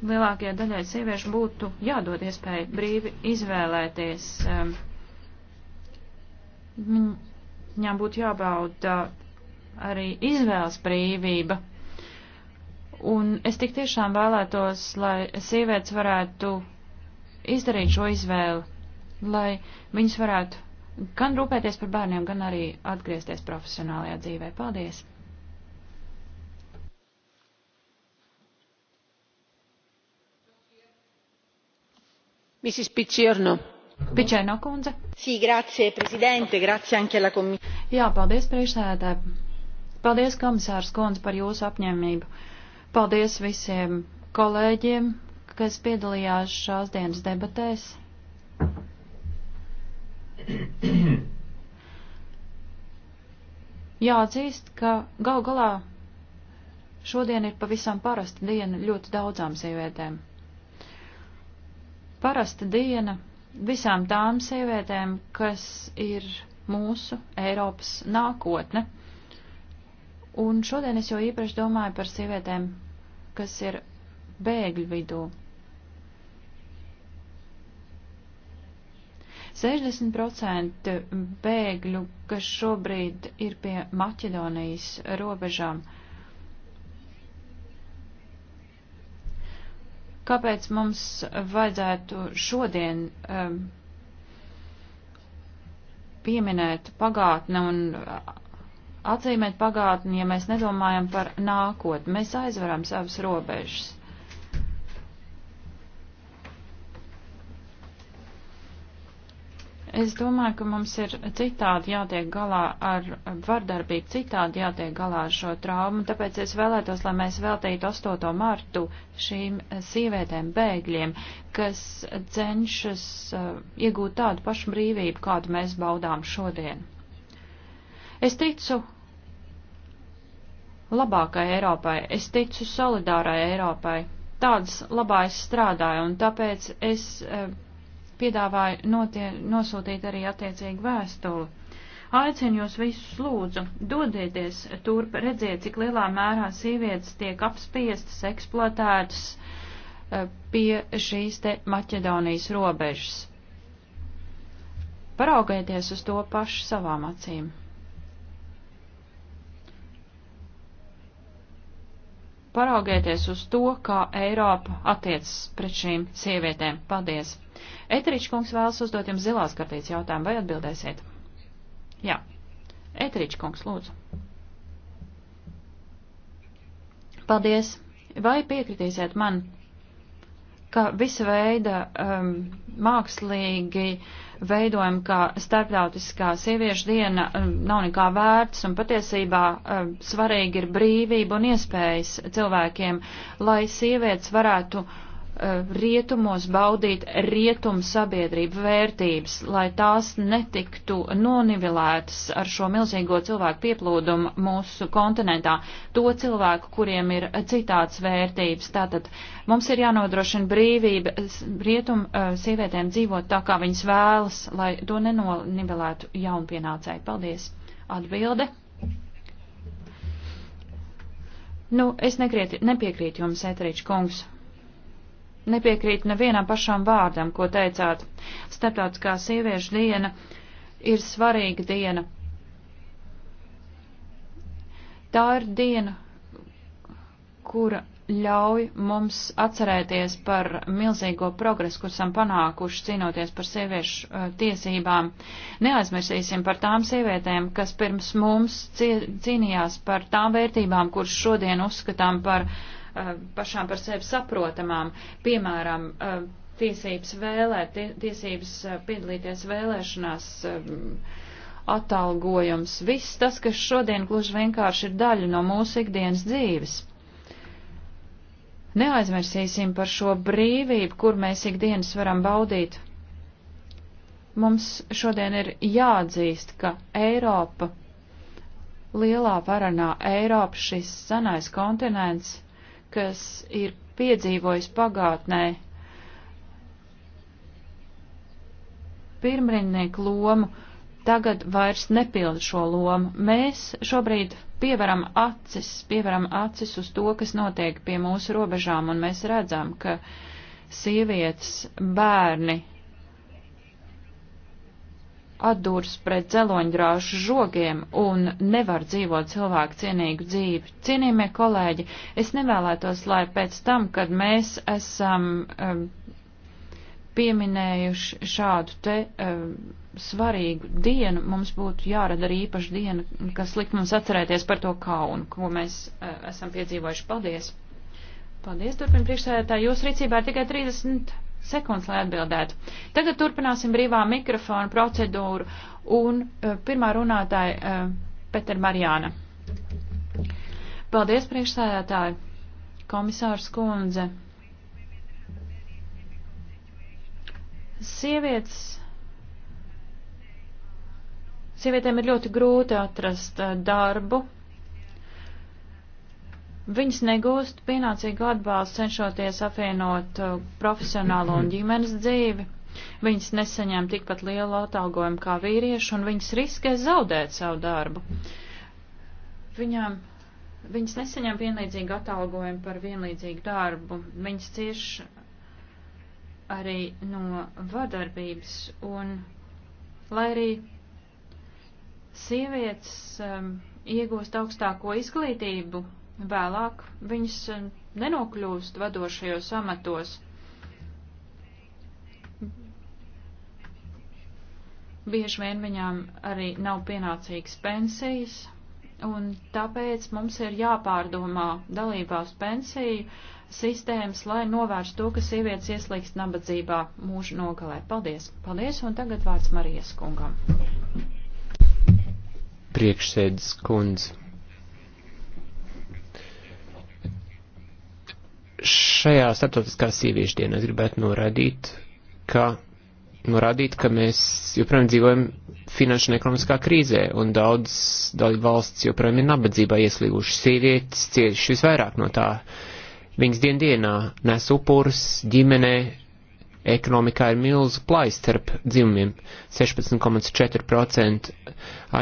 lielākajai daļai sieviešu būtu jādod iespēja brīvi izvēlēties. Um, viņām būtu jābauda arī izvēles brīvība. Un es tik tiešām vēlētos, lai sievietes varētu izdarīt šo izvēli, lai viņas varētu gan rūpēties par bērniem, gan arī atgriezties profesionālajā dzīvē. Paldies! Mrs. Pičierno. Pičēno kundze. Sī, grācie, prezidente, grācie anke la komisija. Jā, paldies priekšsēdētāji. Paldies, komisārs kundze, par jūsu apņēmību. Paldies visiem kolēģiem, kas piedalījās šās dienas debatēs. Jāatzīst, ka gal galā šodien ir pavisam parasta diena ļoti daudzām sievietēm. Parasta diena visām tām sievietēm, kas ir mūsu Eiropas nākotne. Un šodien es jau īpaši domāju par sievietēm, kas ir bēgļu vidū. 60% bēgļu, kas šobrīd ir pie Maķedonijas robežām, uh, kāpēc mums vajadzētu šodien um, pieminēt pagātni un atzīmēt pagātni, ja mēs nedomājam par nākotni. Mēs aizveram savas robežas. Es domāju, ka mums ir citādi jātiek galā ar vardarbību, citādi jātiek galā ar šo traumu, tāpēc es vēlētos, lai mēs veltītu 8. martu šīm eh, sievietēm bēgļiem, kas cenšas eh, iegūt tādu pašu brīvību, kādu mēs baudām šodien. Es ticu labākai Eiropai, es ticu solidārai Eiropai, tādas labājas strādāja, un tāpēc es. Uh, piedāvāju notie, nosūtīt arī attiecīgu vēstuli. Aicinu jūs visus lūdzu, dodieties turp, redziet, cik lielā mērā sievietes tiek apspiestas, eksploatētas eh, pie šīs te Maķedonijas robežas. Paraugieties uz to pašu savām acīm. Paraugieties uz to, kā Eiropa attiecas pret šīm sievietēm. Paldies! Eteričs kungs vēlas uzdot jums zilās kartītes jautājumu, vai atbildēsiet? Jā. Eteričs kungs, lūdzu. Paldies. Vai piekritīsiet man, ka visa veida um, mākslīgi veidojumi, kā starptautiskā sieviešu diena um, nav nekā vērts un patiesībā um, svarīgi ir brīvība un iespējas cilvēkiem, lai sievietes varētu uh, Eh, rietumos baudīt rietumu sabiedrību vērtības, lai tās netiktu nonivilētas ar šo milzīgo cilvēku pieplūdumu mūsu kontinentā, to cilvēku, kuriem ir citāds vērtības. Tātad mums ir jānodrošina brīvība rietumu eh, sievietēm dzīvot tā, kā viņas vēlas, lai to nenonivilētu jaunpienācēji. Paldies! Atbilde. Nu, es nekrieti, nepiekrītu jums, Eterīčs kungs nepiekrītu nevienam pašam vārdam, ko teicāt. Starptautiskā sieviešu diena ir svarīga diena. Tā ir diena, kura ļauj mums atcerēties par milzīgo progresu, kur esam panākuši cīnoties par sieviešu uh, tiesībām. Neaizmirsīsim par tām sievietēm, kas pirms mums cīnījās par tām vērtībām, kuras šodien uzskatām par uh, Eh, pašām par sevi saprotamām, piemēram, eh, tiesības vēlēt, tiesības eh, piedalīties vēlēšanās, atalgojums, viss tas, kas šodien gluži vienkārši ir daļa no mūsu ikdienas dzīves. Neaizmirsīsim par šo brīvību, kur mēs ikdienas varam baudīt. Mums šodien ir jāatzīst, ka Eiropa, lielā varanā Eiropa, šis senais kontinents, kas ir piedzīvojis pagātnē pirmrinnieku lomu, tagad vairs nepilda šo lomu. Mēs šobrīd pievaram acis, pievaram acis uz to, kas notiek pie mūsu robežām, un mēs redzam, ka sievietes, bērni, atdūrs pret dzeloņdrāšu žogiem un nevar dzīvot cilvēku cienīgu dzīvi. Cienījamie kolēģi, es nevēlētos, lai pēc tam, kad mēs esam um, pieminējuši šādu te um, svarīgu dienu, mums būtu jārada arī īpaša diena, kas likt mums atcerēties par to kaunu, ko mēs uh, esam piedzīvojuši. Paldies! Paldies, turpin priekšsēdētāji. Jūsu rīcībā ir tikai 30 sekundes, lai atbildētu. Tagad turpināsim brīvā mikrofona procedūru un eh, pirmā runātāja eh, Peter Marjāna. Paldies, priekšsēdētāji, komisārs Kundze. Sievietes. Sievietēm ir ļoti grūti atrast eh, darbu, Viņas negūst pienācīgu atbalstu, cenšoties apvienot uh, profesionālo un ģimenes dzīvi. Viņas nesaņem tikpat lielu atalgojumu kā vīrieši, un viņas riskē zaudēt savu darbu. Viņām, viņas nesaņem vienlīdzīgu atalgojumu par vienlīdzīgu darbu. Viņas cieš arī no vadarbības, un lai arī sievietes um, iegūst augstāko izglītību, vēlāk viņas eh, nenokļūst vadošajos amatos. Bieži vien viņām arī nav pienācīgas pensijas, un tāpēc mums ir jāpārdomā dalībās pensiju sistēmas, lai novērstu to, ka sievietes ieslīgst nabadzībā mūža nogalē. Paldies! Paldies, un tagad vārds Marijas kungam. Priekšsēdis kundze. Šajā starptautiskā sieviešu dienā es gribētu norādīt, ka, norādīt, ka mēs joprojām dzīvojam finanšu un ekonomiskā krīzē, un daudz, daudz valsts joprojām ir nabadzībā ieslīgušas. Sievietes cieši visvairāk no tā. Viņas dien dienā nes upurus ģimenē, ekonomikā ir milzu plājs starp dzimumiem - 16,4%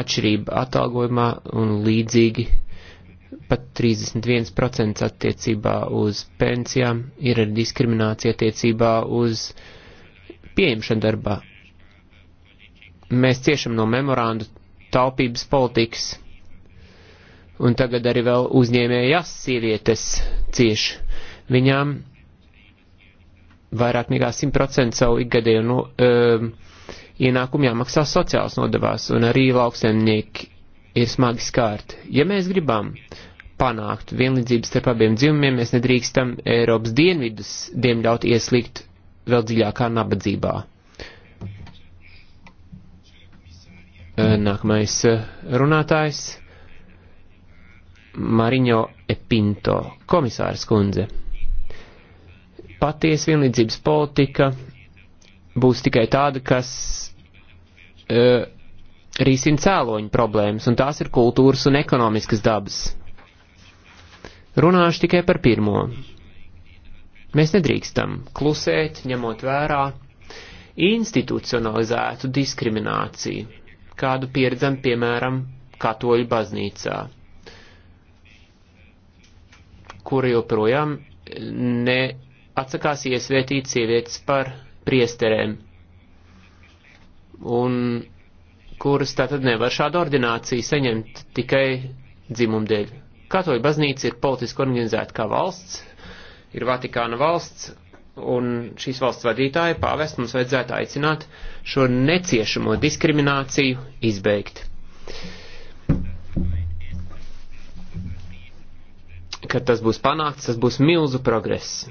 atšķirība atalgojumā un līdzīgi pat 31% attiecībā uz pensijām, ir arī diskriminācija attiecībā uz pieņemšanu darbā. Mēs ciešam no memorandu taupības politikas, un tagad arī vēl uzņēmējas sievietes cieš. Viņām vairāk nekā 100% savu ikgadēju no, um, ienākumu jāmaksā sociāls nodevās, un arī lauksemnieki ir smagi skārti. Ja mēs gribam panākt vienlīdzības starp abiem dzimumiem, mēs nedrīkstam Eiropas dienvidus diemļaut ieslikt vēl dziļākā nabadzībā. Nākamais runātājs Mariņo Epinto, komisārs kundze. Paties vienlīdzības politika būs tikai tāda, kas uh, risina cēloņu problēmas, un tās ir kultūras un ekonomiskas dabas. Runāšu tikai par pirmo. Mēs nedrīkstam klusēt, ņemot vērā institucionalizētu diskrimināciju, kādu pieredzam, piemēram, katoļu baznīcā, kura joprojām neatsakās iesvietīt sievietes par priesterēm. Un kuras tātad nevar šādu ordināciju saņemt tikai dzimumu dēļ. Katoļu baznīca ir politiski organizēta kā valsts, ir Vatikāna valsts, un šīs valsts vadītāja pāvest mums vajadzētu aicināt šo neciešamo diskrimināciju izbeigt. Kad tas būs panākts, tas būs milzu progress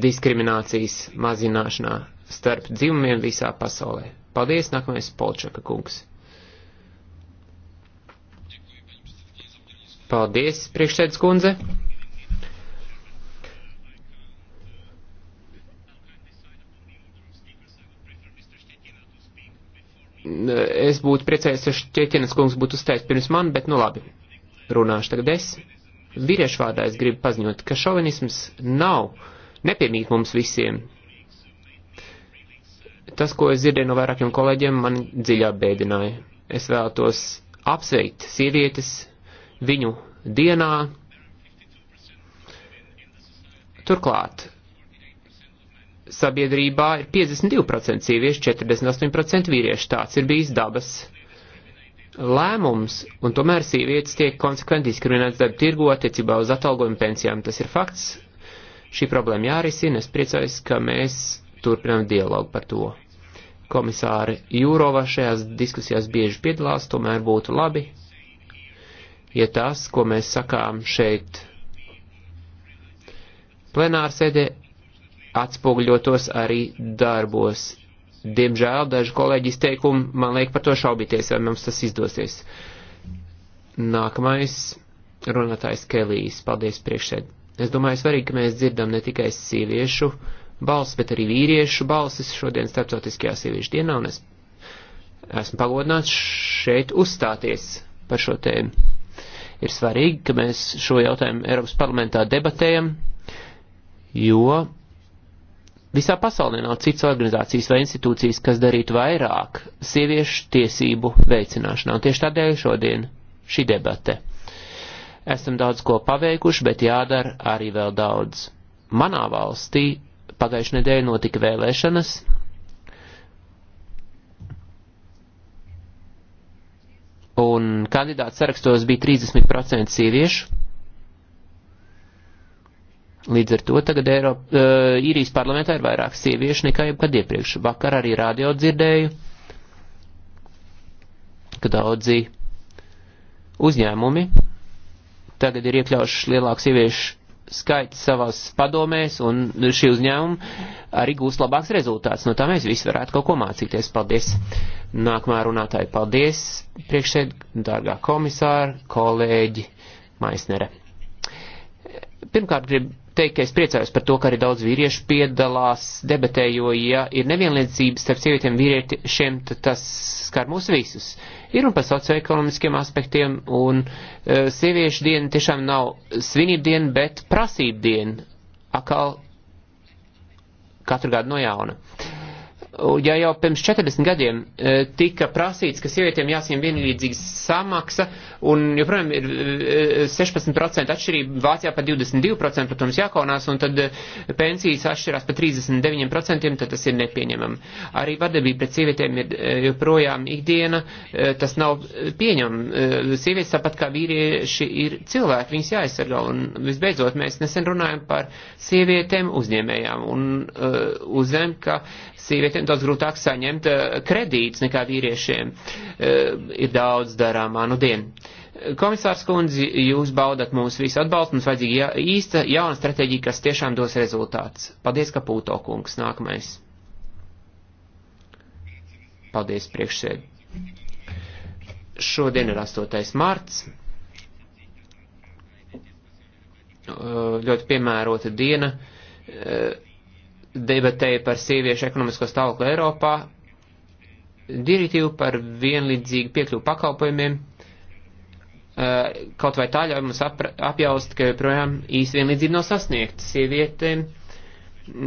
diskriminācijas mazināšanā starp dzimumiem visā pasaulē. Paldies, nākamais Polčaka kungs. Paldies, priekšsēdz kundze. Es būtu priecējies, ja Šķieķinas kungs būtu uzstājis pirms man, bet nu labi, runāšu tagad es. Vīriešu vārdā es gribu paziņot, ka šovinisms nav nepiemīt mums visiem, Tas, ko es dzirdēju no vairākiem kolēģiem, man dziļi apbēdināja. Es vēlētos apsveikt sievietes viņu dienā. Turklāt, sabiedrībā ir 52% sieviešu, 48% vīriešu. Tāds ir bijis dabas lēmums, un tomēr sievietes tiek konsekventi diskriminētas darba tirgu attiecībā uz atalgojumu pensijām. Tas ir fakts. Šī problēma jārisina. Es priecājos, ka mēs turpinām dialogu par to. Komisāri Jūrova šajās diskusijās bieži piedalās, tomēr būtu labi, ja tas, ko mēs sakām šeit plenārsēdē, atspogļotos arī darbos. Diemžēl daži kolēģi izteikumi man liek par to šaubīties, vai mums tas izdosies. Nākamais runātājs Kelijs. Paldies priekšsēd. Es domāju, svarīgi, ka mēs dzirdam ne tikai sieviešu, uh, balss, bet arī vīriešu balsis šodien starptautiskajā sieviešu dienā, un es esmu pagodināts šeit uzstāties par šo tēmu. Ir svarīgi, ka mēs šo jautājumu Eiropas parlamentā debatējam, jo visā pasaulē nav citas organizācijas vai institūcijas, kas darītu vairāk sieviešu tiesību veicināšanā. Un tieši tādēļ šodien šī debate. Esam daudz ko paveikuši, bet jādara arī vēl daudz. Manā valstī Pagājušajā nedēļā notika vēlēšanas. Un kandidāts sarakstos bija 30% sieviešu. Līdz ar to tagad Eiropa, uh, īrijas parlamentā ir vairāk sieviešu nekā jebkad iepriekš. Vakar arī radio dzirdēju, ka daudzi uzņēmumi tagad ir iekļaujuši lielāku sieviešu skaits savās padomēs un šī uzņēmuma arī gūs labāks rezultāts. No tā mēs visi varētu kaut ko mācīties. Paldies! Nākamā runātāja, paldies! Priekšsēd, dārgā komisāra, kolēģi, maisnere. Pirmkārt, gribu teikt, ka es priecājos par to, ka arī daudz vīriešu piedalās debatē, jo, ja ir nevienlīdzības starp sievietēm vīriešiem, tad tas skar mūs visus. Ir un par socioekonomiskiem aspektiem, un uh, sieviešu diena tiešām nav svinība diena, bet prasība diena, akal katru gadu no jauna. Uh, Ja jau pirms 40 gadiem e, tika prasīts, ka sievietēm jāsiem vienlīdzīgas samaksa, un joprojām ir 16% e, e, atšķirība, Vācijā pa 22%, protams, jākaunās, un tad pensijas atšķirās pa 39%, tad tas ir nepieņemami. Arī vardarbība pret sievietēm ir joprojām ikdiena, tas nav pieņemami. Sievietes, tāpat kā vīrieši, ir cilvēki, viņas jāaizsargā, un visbeidzot, mēs nesen runājam par sievietēm uzņēmējām, un uzņēmējām, ka sievietēm daudz grūtāk saņemt eh, kredītus nekā vīriešiem. Eh, ir daudz darāmā nu dienu. Komisārs kundzi, jūs baudat mūsu visu atbalstu, mums vajadzīga ja, īsta jauna stratēģija, kas tiešām dos rezultāts. Paldies, ka Pūto kungs nākamais. Paldies, priekšsēd. Šodien ir 8. marts. Eh, ļoti piemērota diena debatēja par sieviešu ekonomisko stāvokli Eiropā, direktīvu par vienlīdzīgu piekļuvu pakalpojumiem, eh, kaut vai tā ļauj mums apjaust, ka joprojām īsti vienlīdzība nav sasniegta. Sievietēm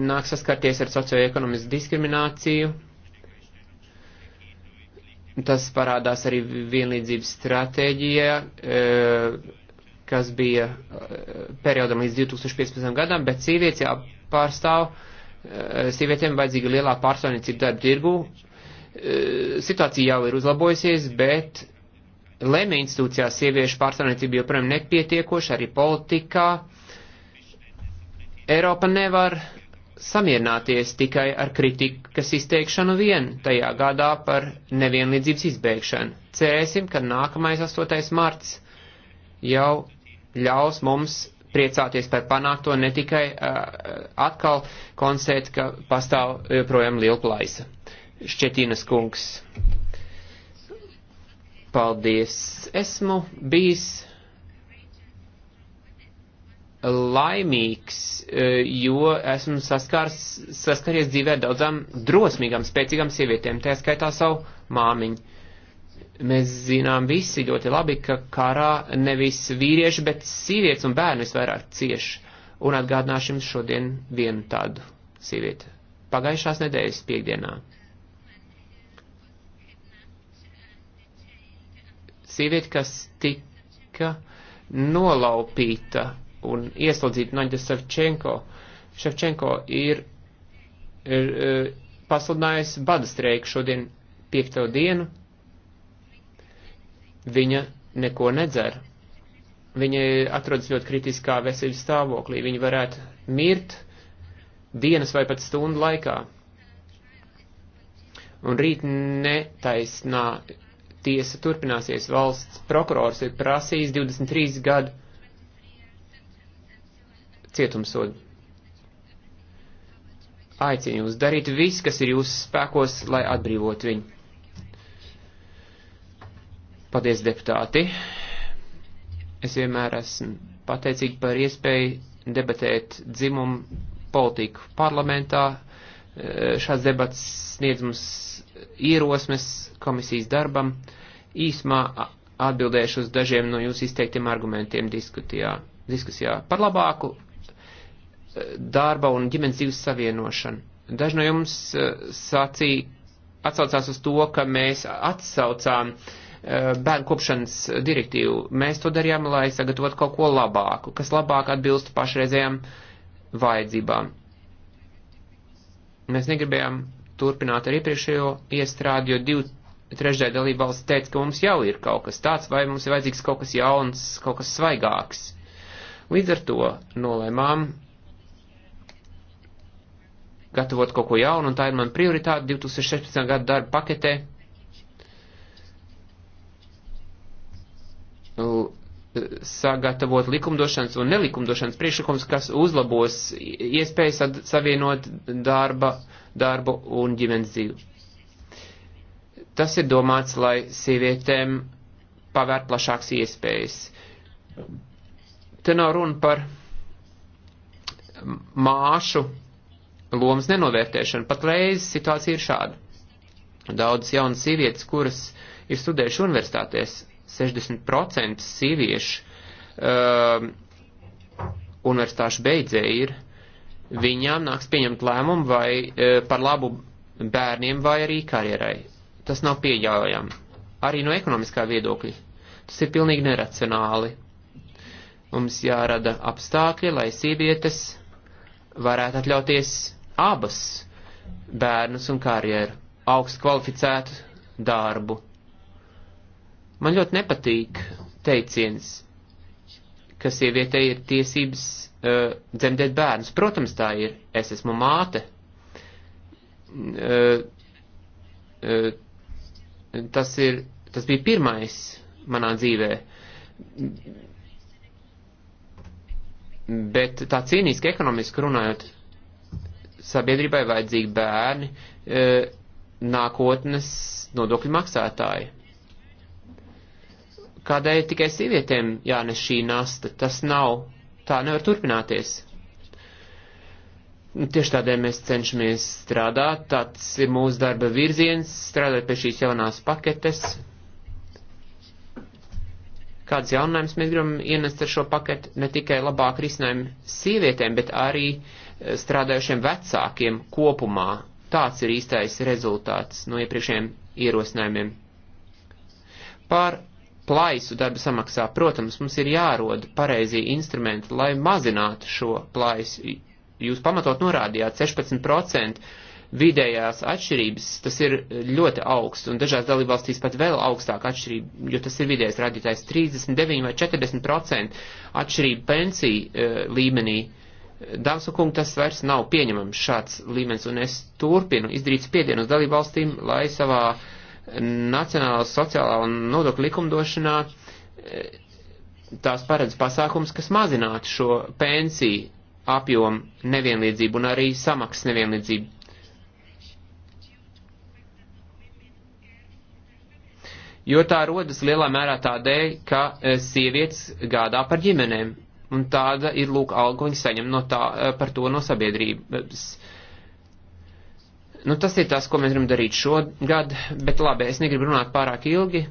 nāk saskarties ar socioekonomisku diskrimināciju. Tas parādās arī vienlīdzības stratēģijā, eh, kas bija eh, periodam līdz 2015. gadam, bet sievietes jāpārstāv. Ja Eh, sievietēm vajadzīga lielā pārstāvniecība darba tirgu. Eh, situācija jau ir uzlabojusies, bet lēmē institūcijās sieviešu pārstāvniecība joprojām nepietiekoša, arī politikā. Eiropa nevar samierināties tikai ar kritikas izteikšanu vien tajā gadā par nevienlīdzības izbēgšanu. Cerēsim, ka nākamais 8. marts jau ļaus mums priecāties par panākto, ne tikai atkal konstatēt, ka pastāv joprojām liela plaisa. Šķetīnas kungs. Paldies. Esmu bijis laimīgs, jo esmu saskars, saskaries dzīvē daudzām drosmīgām, spēcīgām sievietēm, tā skaitā savu māmiņu. Mēs zinām visi ļoti labi, ka karā nevis vīrieši, bet sievietes un bērni visvairāk cieši. Un atgādināšu jums šodien vienu tādu sievieti. Pagājušās nedēļas piekdienā. Sieviete, kas tika nolaupīta un ieslodzīta Naģa Savčenko, Ševčenko ir, ir, ir eh, pasludinājusi bada streiku šodien piekto dienu Viņa neko nedzer. Viņa atrodas ļoti kritiskā veselības stāvoklī. Viņa varētu mirt dienas vai pat stundu laikā. Un rīt netaisnā tiesa turpināsies. Valsts prokurors ir prasījis 23 gadu cietumsodu. Aicinu jūs darīt visu, kas ir jūsu spēkos, lai atbrīvot viņu. Paldies, deputāti! Es vienmēr esmu pateicīgi par iespēju debatēt dzimumu politiku parlamentā. E, Šāds debats sniedz mums ierosmes komisijas darbam. Īsmā atbildēšu uz dažiem no jūsu izteiktiem argumentiem diskutijā, diskusijā par labāku e, darba un ģimenes dzīves savienošanu. Daži no jums e, sacīja, atsaucās uz to, ka mēs atsaucām uh, Eh, bērnu kopšanas direktīvu. Mēs to darījām, lai sagatavotu kaut ko labāku, kas labāk atbilstu pašreizējām vajadzībām. Mēs negribējām turpināt ar iepriekšējo iestrādi, jo divu trešdaļu dalību valsts teica, ka mums jau ir kaut kas tāds, vai mums ir vajadzīgs kaut kas jauns, kaut kas svaigāks. Līdz ar to nolēmām gatavot kaut ko jaunu, un tā ir man prioritāte 2016. gada darba paketē Nu, sagatavot likumdošanas un nelikumdošanas priekšlikums, kas uzlabos iespējas savienot darba, darbu un ģimenes dzīvi. Tas ir domāts, lai sievietēm pavērt plašāks iespējas. Te nav runa par māšu lomas nenovērtēšanu. Pat reiz situācija ir šāda. Daudzas jaunas sievietes, kuras ir studējušas universitātēs, 60% sieviešu uh, universitāšu beidzēji ir, viņām nāks pieņemt lēmumu vai uh, par labu bērniem vai arī karjerai. Tas nav pieļaujami. Arī no ekonomiskā viedokļa. Tas ir pilnīgi neracionāli. Mums jārada apstākļi, lai sievietes varētu atļauties abas bērnus un karjeru, augstu kvalificētu darbu Man ļoti nepatīk teiciens, ka sievietei ir tiesības uh, dzemdēt bērnus. Protams, tā ir. Es esmu māte. Uh, uh, tas, ir, tas bija pirmais manā dzīvē. Bet tā cīnīski ekonomiski runājot, sabiedrībai vajadzīgi bērni, uh, nākotnes nodokļu maksātāji. Kādēļ tikai sievietēm jānes šī nasta? Tas nav, tā nevar turpināties. Tieši tādēļ mēs cenšamies strādāt, tāds ir mūsu darba virziens, strādāt pie šīs jaunās paketes. Kāds jauninājums mēs gribam ienest ar šo paketi, ne tikai labāk risinājumu sievietēm, bet arī e, strādājušiem vecākiem kopumā. Tāds ir īstais rezultāts no iepriekšējiem ierosinājumiem. Par plaisu darba samaksā. Protams, mums ir jārod pareizie instrumenti, lai mazinātu šo plaisu. Jūs pamatot norādījāt 16% vidējās atšķirības, tas ir ļoti augsts, un dažās dalībvalstīs pat vēl augstāk atšķirība, jo tas ir vidējais rādītājs 39 vai 40% atšķirība pensiju uh, līmenī. Dāmas un kungi, tas vairs nav pieņemams šāds līmenis, un es turpinu izdarīt spiedienu uz dalībvalstīm, lai savā uh, nacionālā sociālā un nodokļu likumdošanā eh, tās paredz pasākums, kas mazinātu šo pensiju apjomu nevienlīdzību un arī samaksas nevienlīdzību. Jo tā rodas lielā mērā tādēļ, ka eh, sievietes gādā par ģimenēm, un tāda ir lūk alga, viņi saņem no tā, eh, par to no sabiedrības. Uh, Nu, tas ir tas, ko mēs gribam darīt šogad, bet labi, es negribu runāt pārāk ilgi,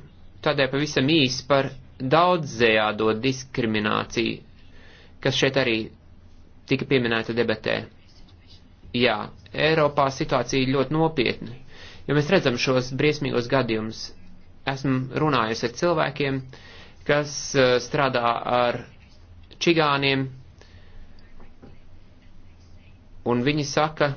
tādēļ pavisam īsi par daudzējādo diskrimināciju, kas šeit arī tika pieminēta debatē. Jā, Eiropā situācija ir ļoti nopietna, jo mēs redzam šos briesmīgos gadījumus. Esmu runājusi ar cilvēkiem, kas uh, strādā ar čigāniem, un viņi saka,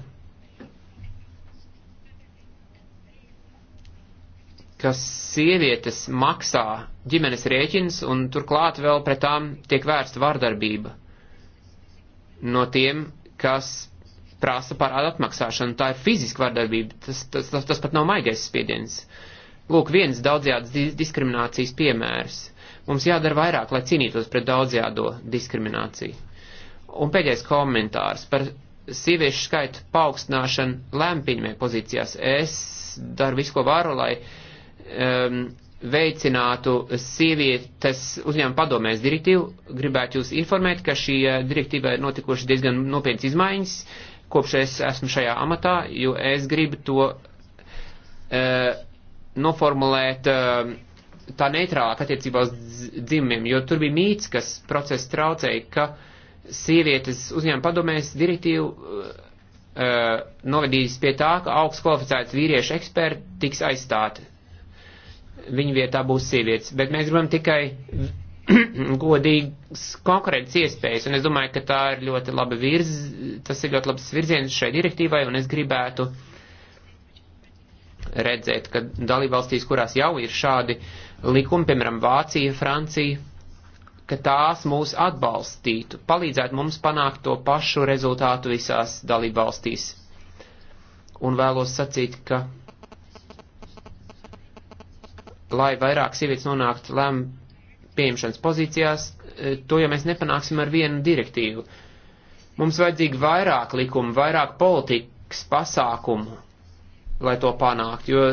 ka sievietes maksā ģimenes rēķins un turklāt vēl pret tām tiek vērsta vardarbība no tiem, kas prasa par atmaksāšanu. Tā ir fiziska vardarbība, tas, tas, tas, tas pat nav maigais spiediens. Lūk, viens daudzjādas diskriminācijas piemērs. Mums jādara vairāk, lai cīnītos pret daudzjādo diskrimināciju. Un pēdējais komentārs par sieviešu skaitu paaugstināšanu lēmpiņmē pozīcijās. Es daru visu, ko varu, lai uh, um, veicinātu sievietes uzņēmuma padomēs direktīvu. Gribētu jūs informēt, ka šī uh, direktīva ir notikuši diezgan nopietnas izmaiņas, kopš es esmu šajā amatā, jo es gribu to uh, noformulēt uh, tā neitrālāk attiecībā uz dzimumiem, jo tur bija mīts, kas procesu traucēja, ka sievietes uzņēmuma padomēs direktīvu uh, uh, novedīs pie tā, ka augsts kvalificēts vīriešu eksperti tiks aizstāti viņa vietā būs sievietes. Bet mēs gribam tikai godīgas konkurences iespējas, un es domāju, ka tā ir ļoti laba virz, tas ir ļoti labs virziens šai direktīvai, un es gribētu redzēt, ka dalībvalstīs, kurās jau ir šādi likumi, piemēram, Vācija, Francija, ka tās mūs atbalstītu, palīdzētu mums panākt to pašu rezultātu visās dalībvalstīs. Un vēlos sacīt, ka lai vairāk sievietes nonāktu lēmu pieņemšanas pozīcijās, e, to jau mēs nepanāksim ar vienu direktīvu. Mums vajadzīgi vairāk likumu, vairāk politikas pasākumu, lai to panāktu, jo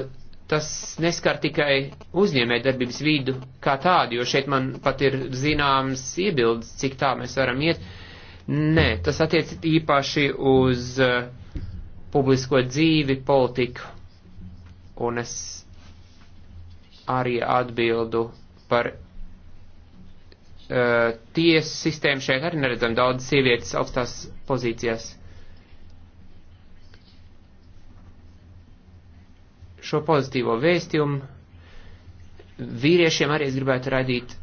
tas neskar tikai uzņēmē darbības vīdu kā tādu, jo šeit man pat ir zināms iebildes, cik tā mēs varam iet. Nē, tas attiec īpaši uz uh, publisko dzīvi, politiku. Un es arī atbildu par uh, eh, tiesu sistēmu. Šeit arī neredzam daudz sievietes augstās pozīcijās. Šo pozitīvo vēstījumu vīriešiem arī es gribētu radīt.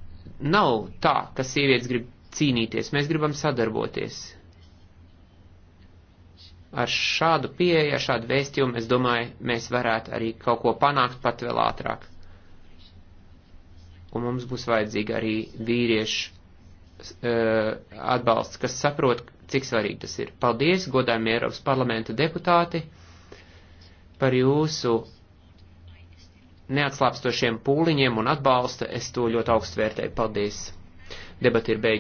Nav tā, ka sievietes grib cīnīties, mēs gribam sadarboties. Ar šādu pieeju, ar šādu vēstījumu, es domāju, mēs varētu arī kaut ko panākt pat vēl ātrāk un mums būs vajadzīga arī vīriešu uh, atbalsts, kas saprot, cik svarīgi tas ir. Paldies, godājumie Eiropas parlamenta deputāti, par jūsu neatslāpstošiem pūliņiem un atbalsta. Es to ļoti augstu vērtēju. Paldies! Debati ir beigusies.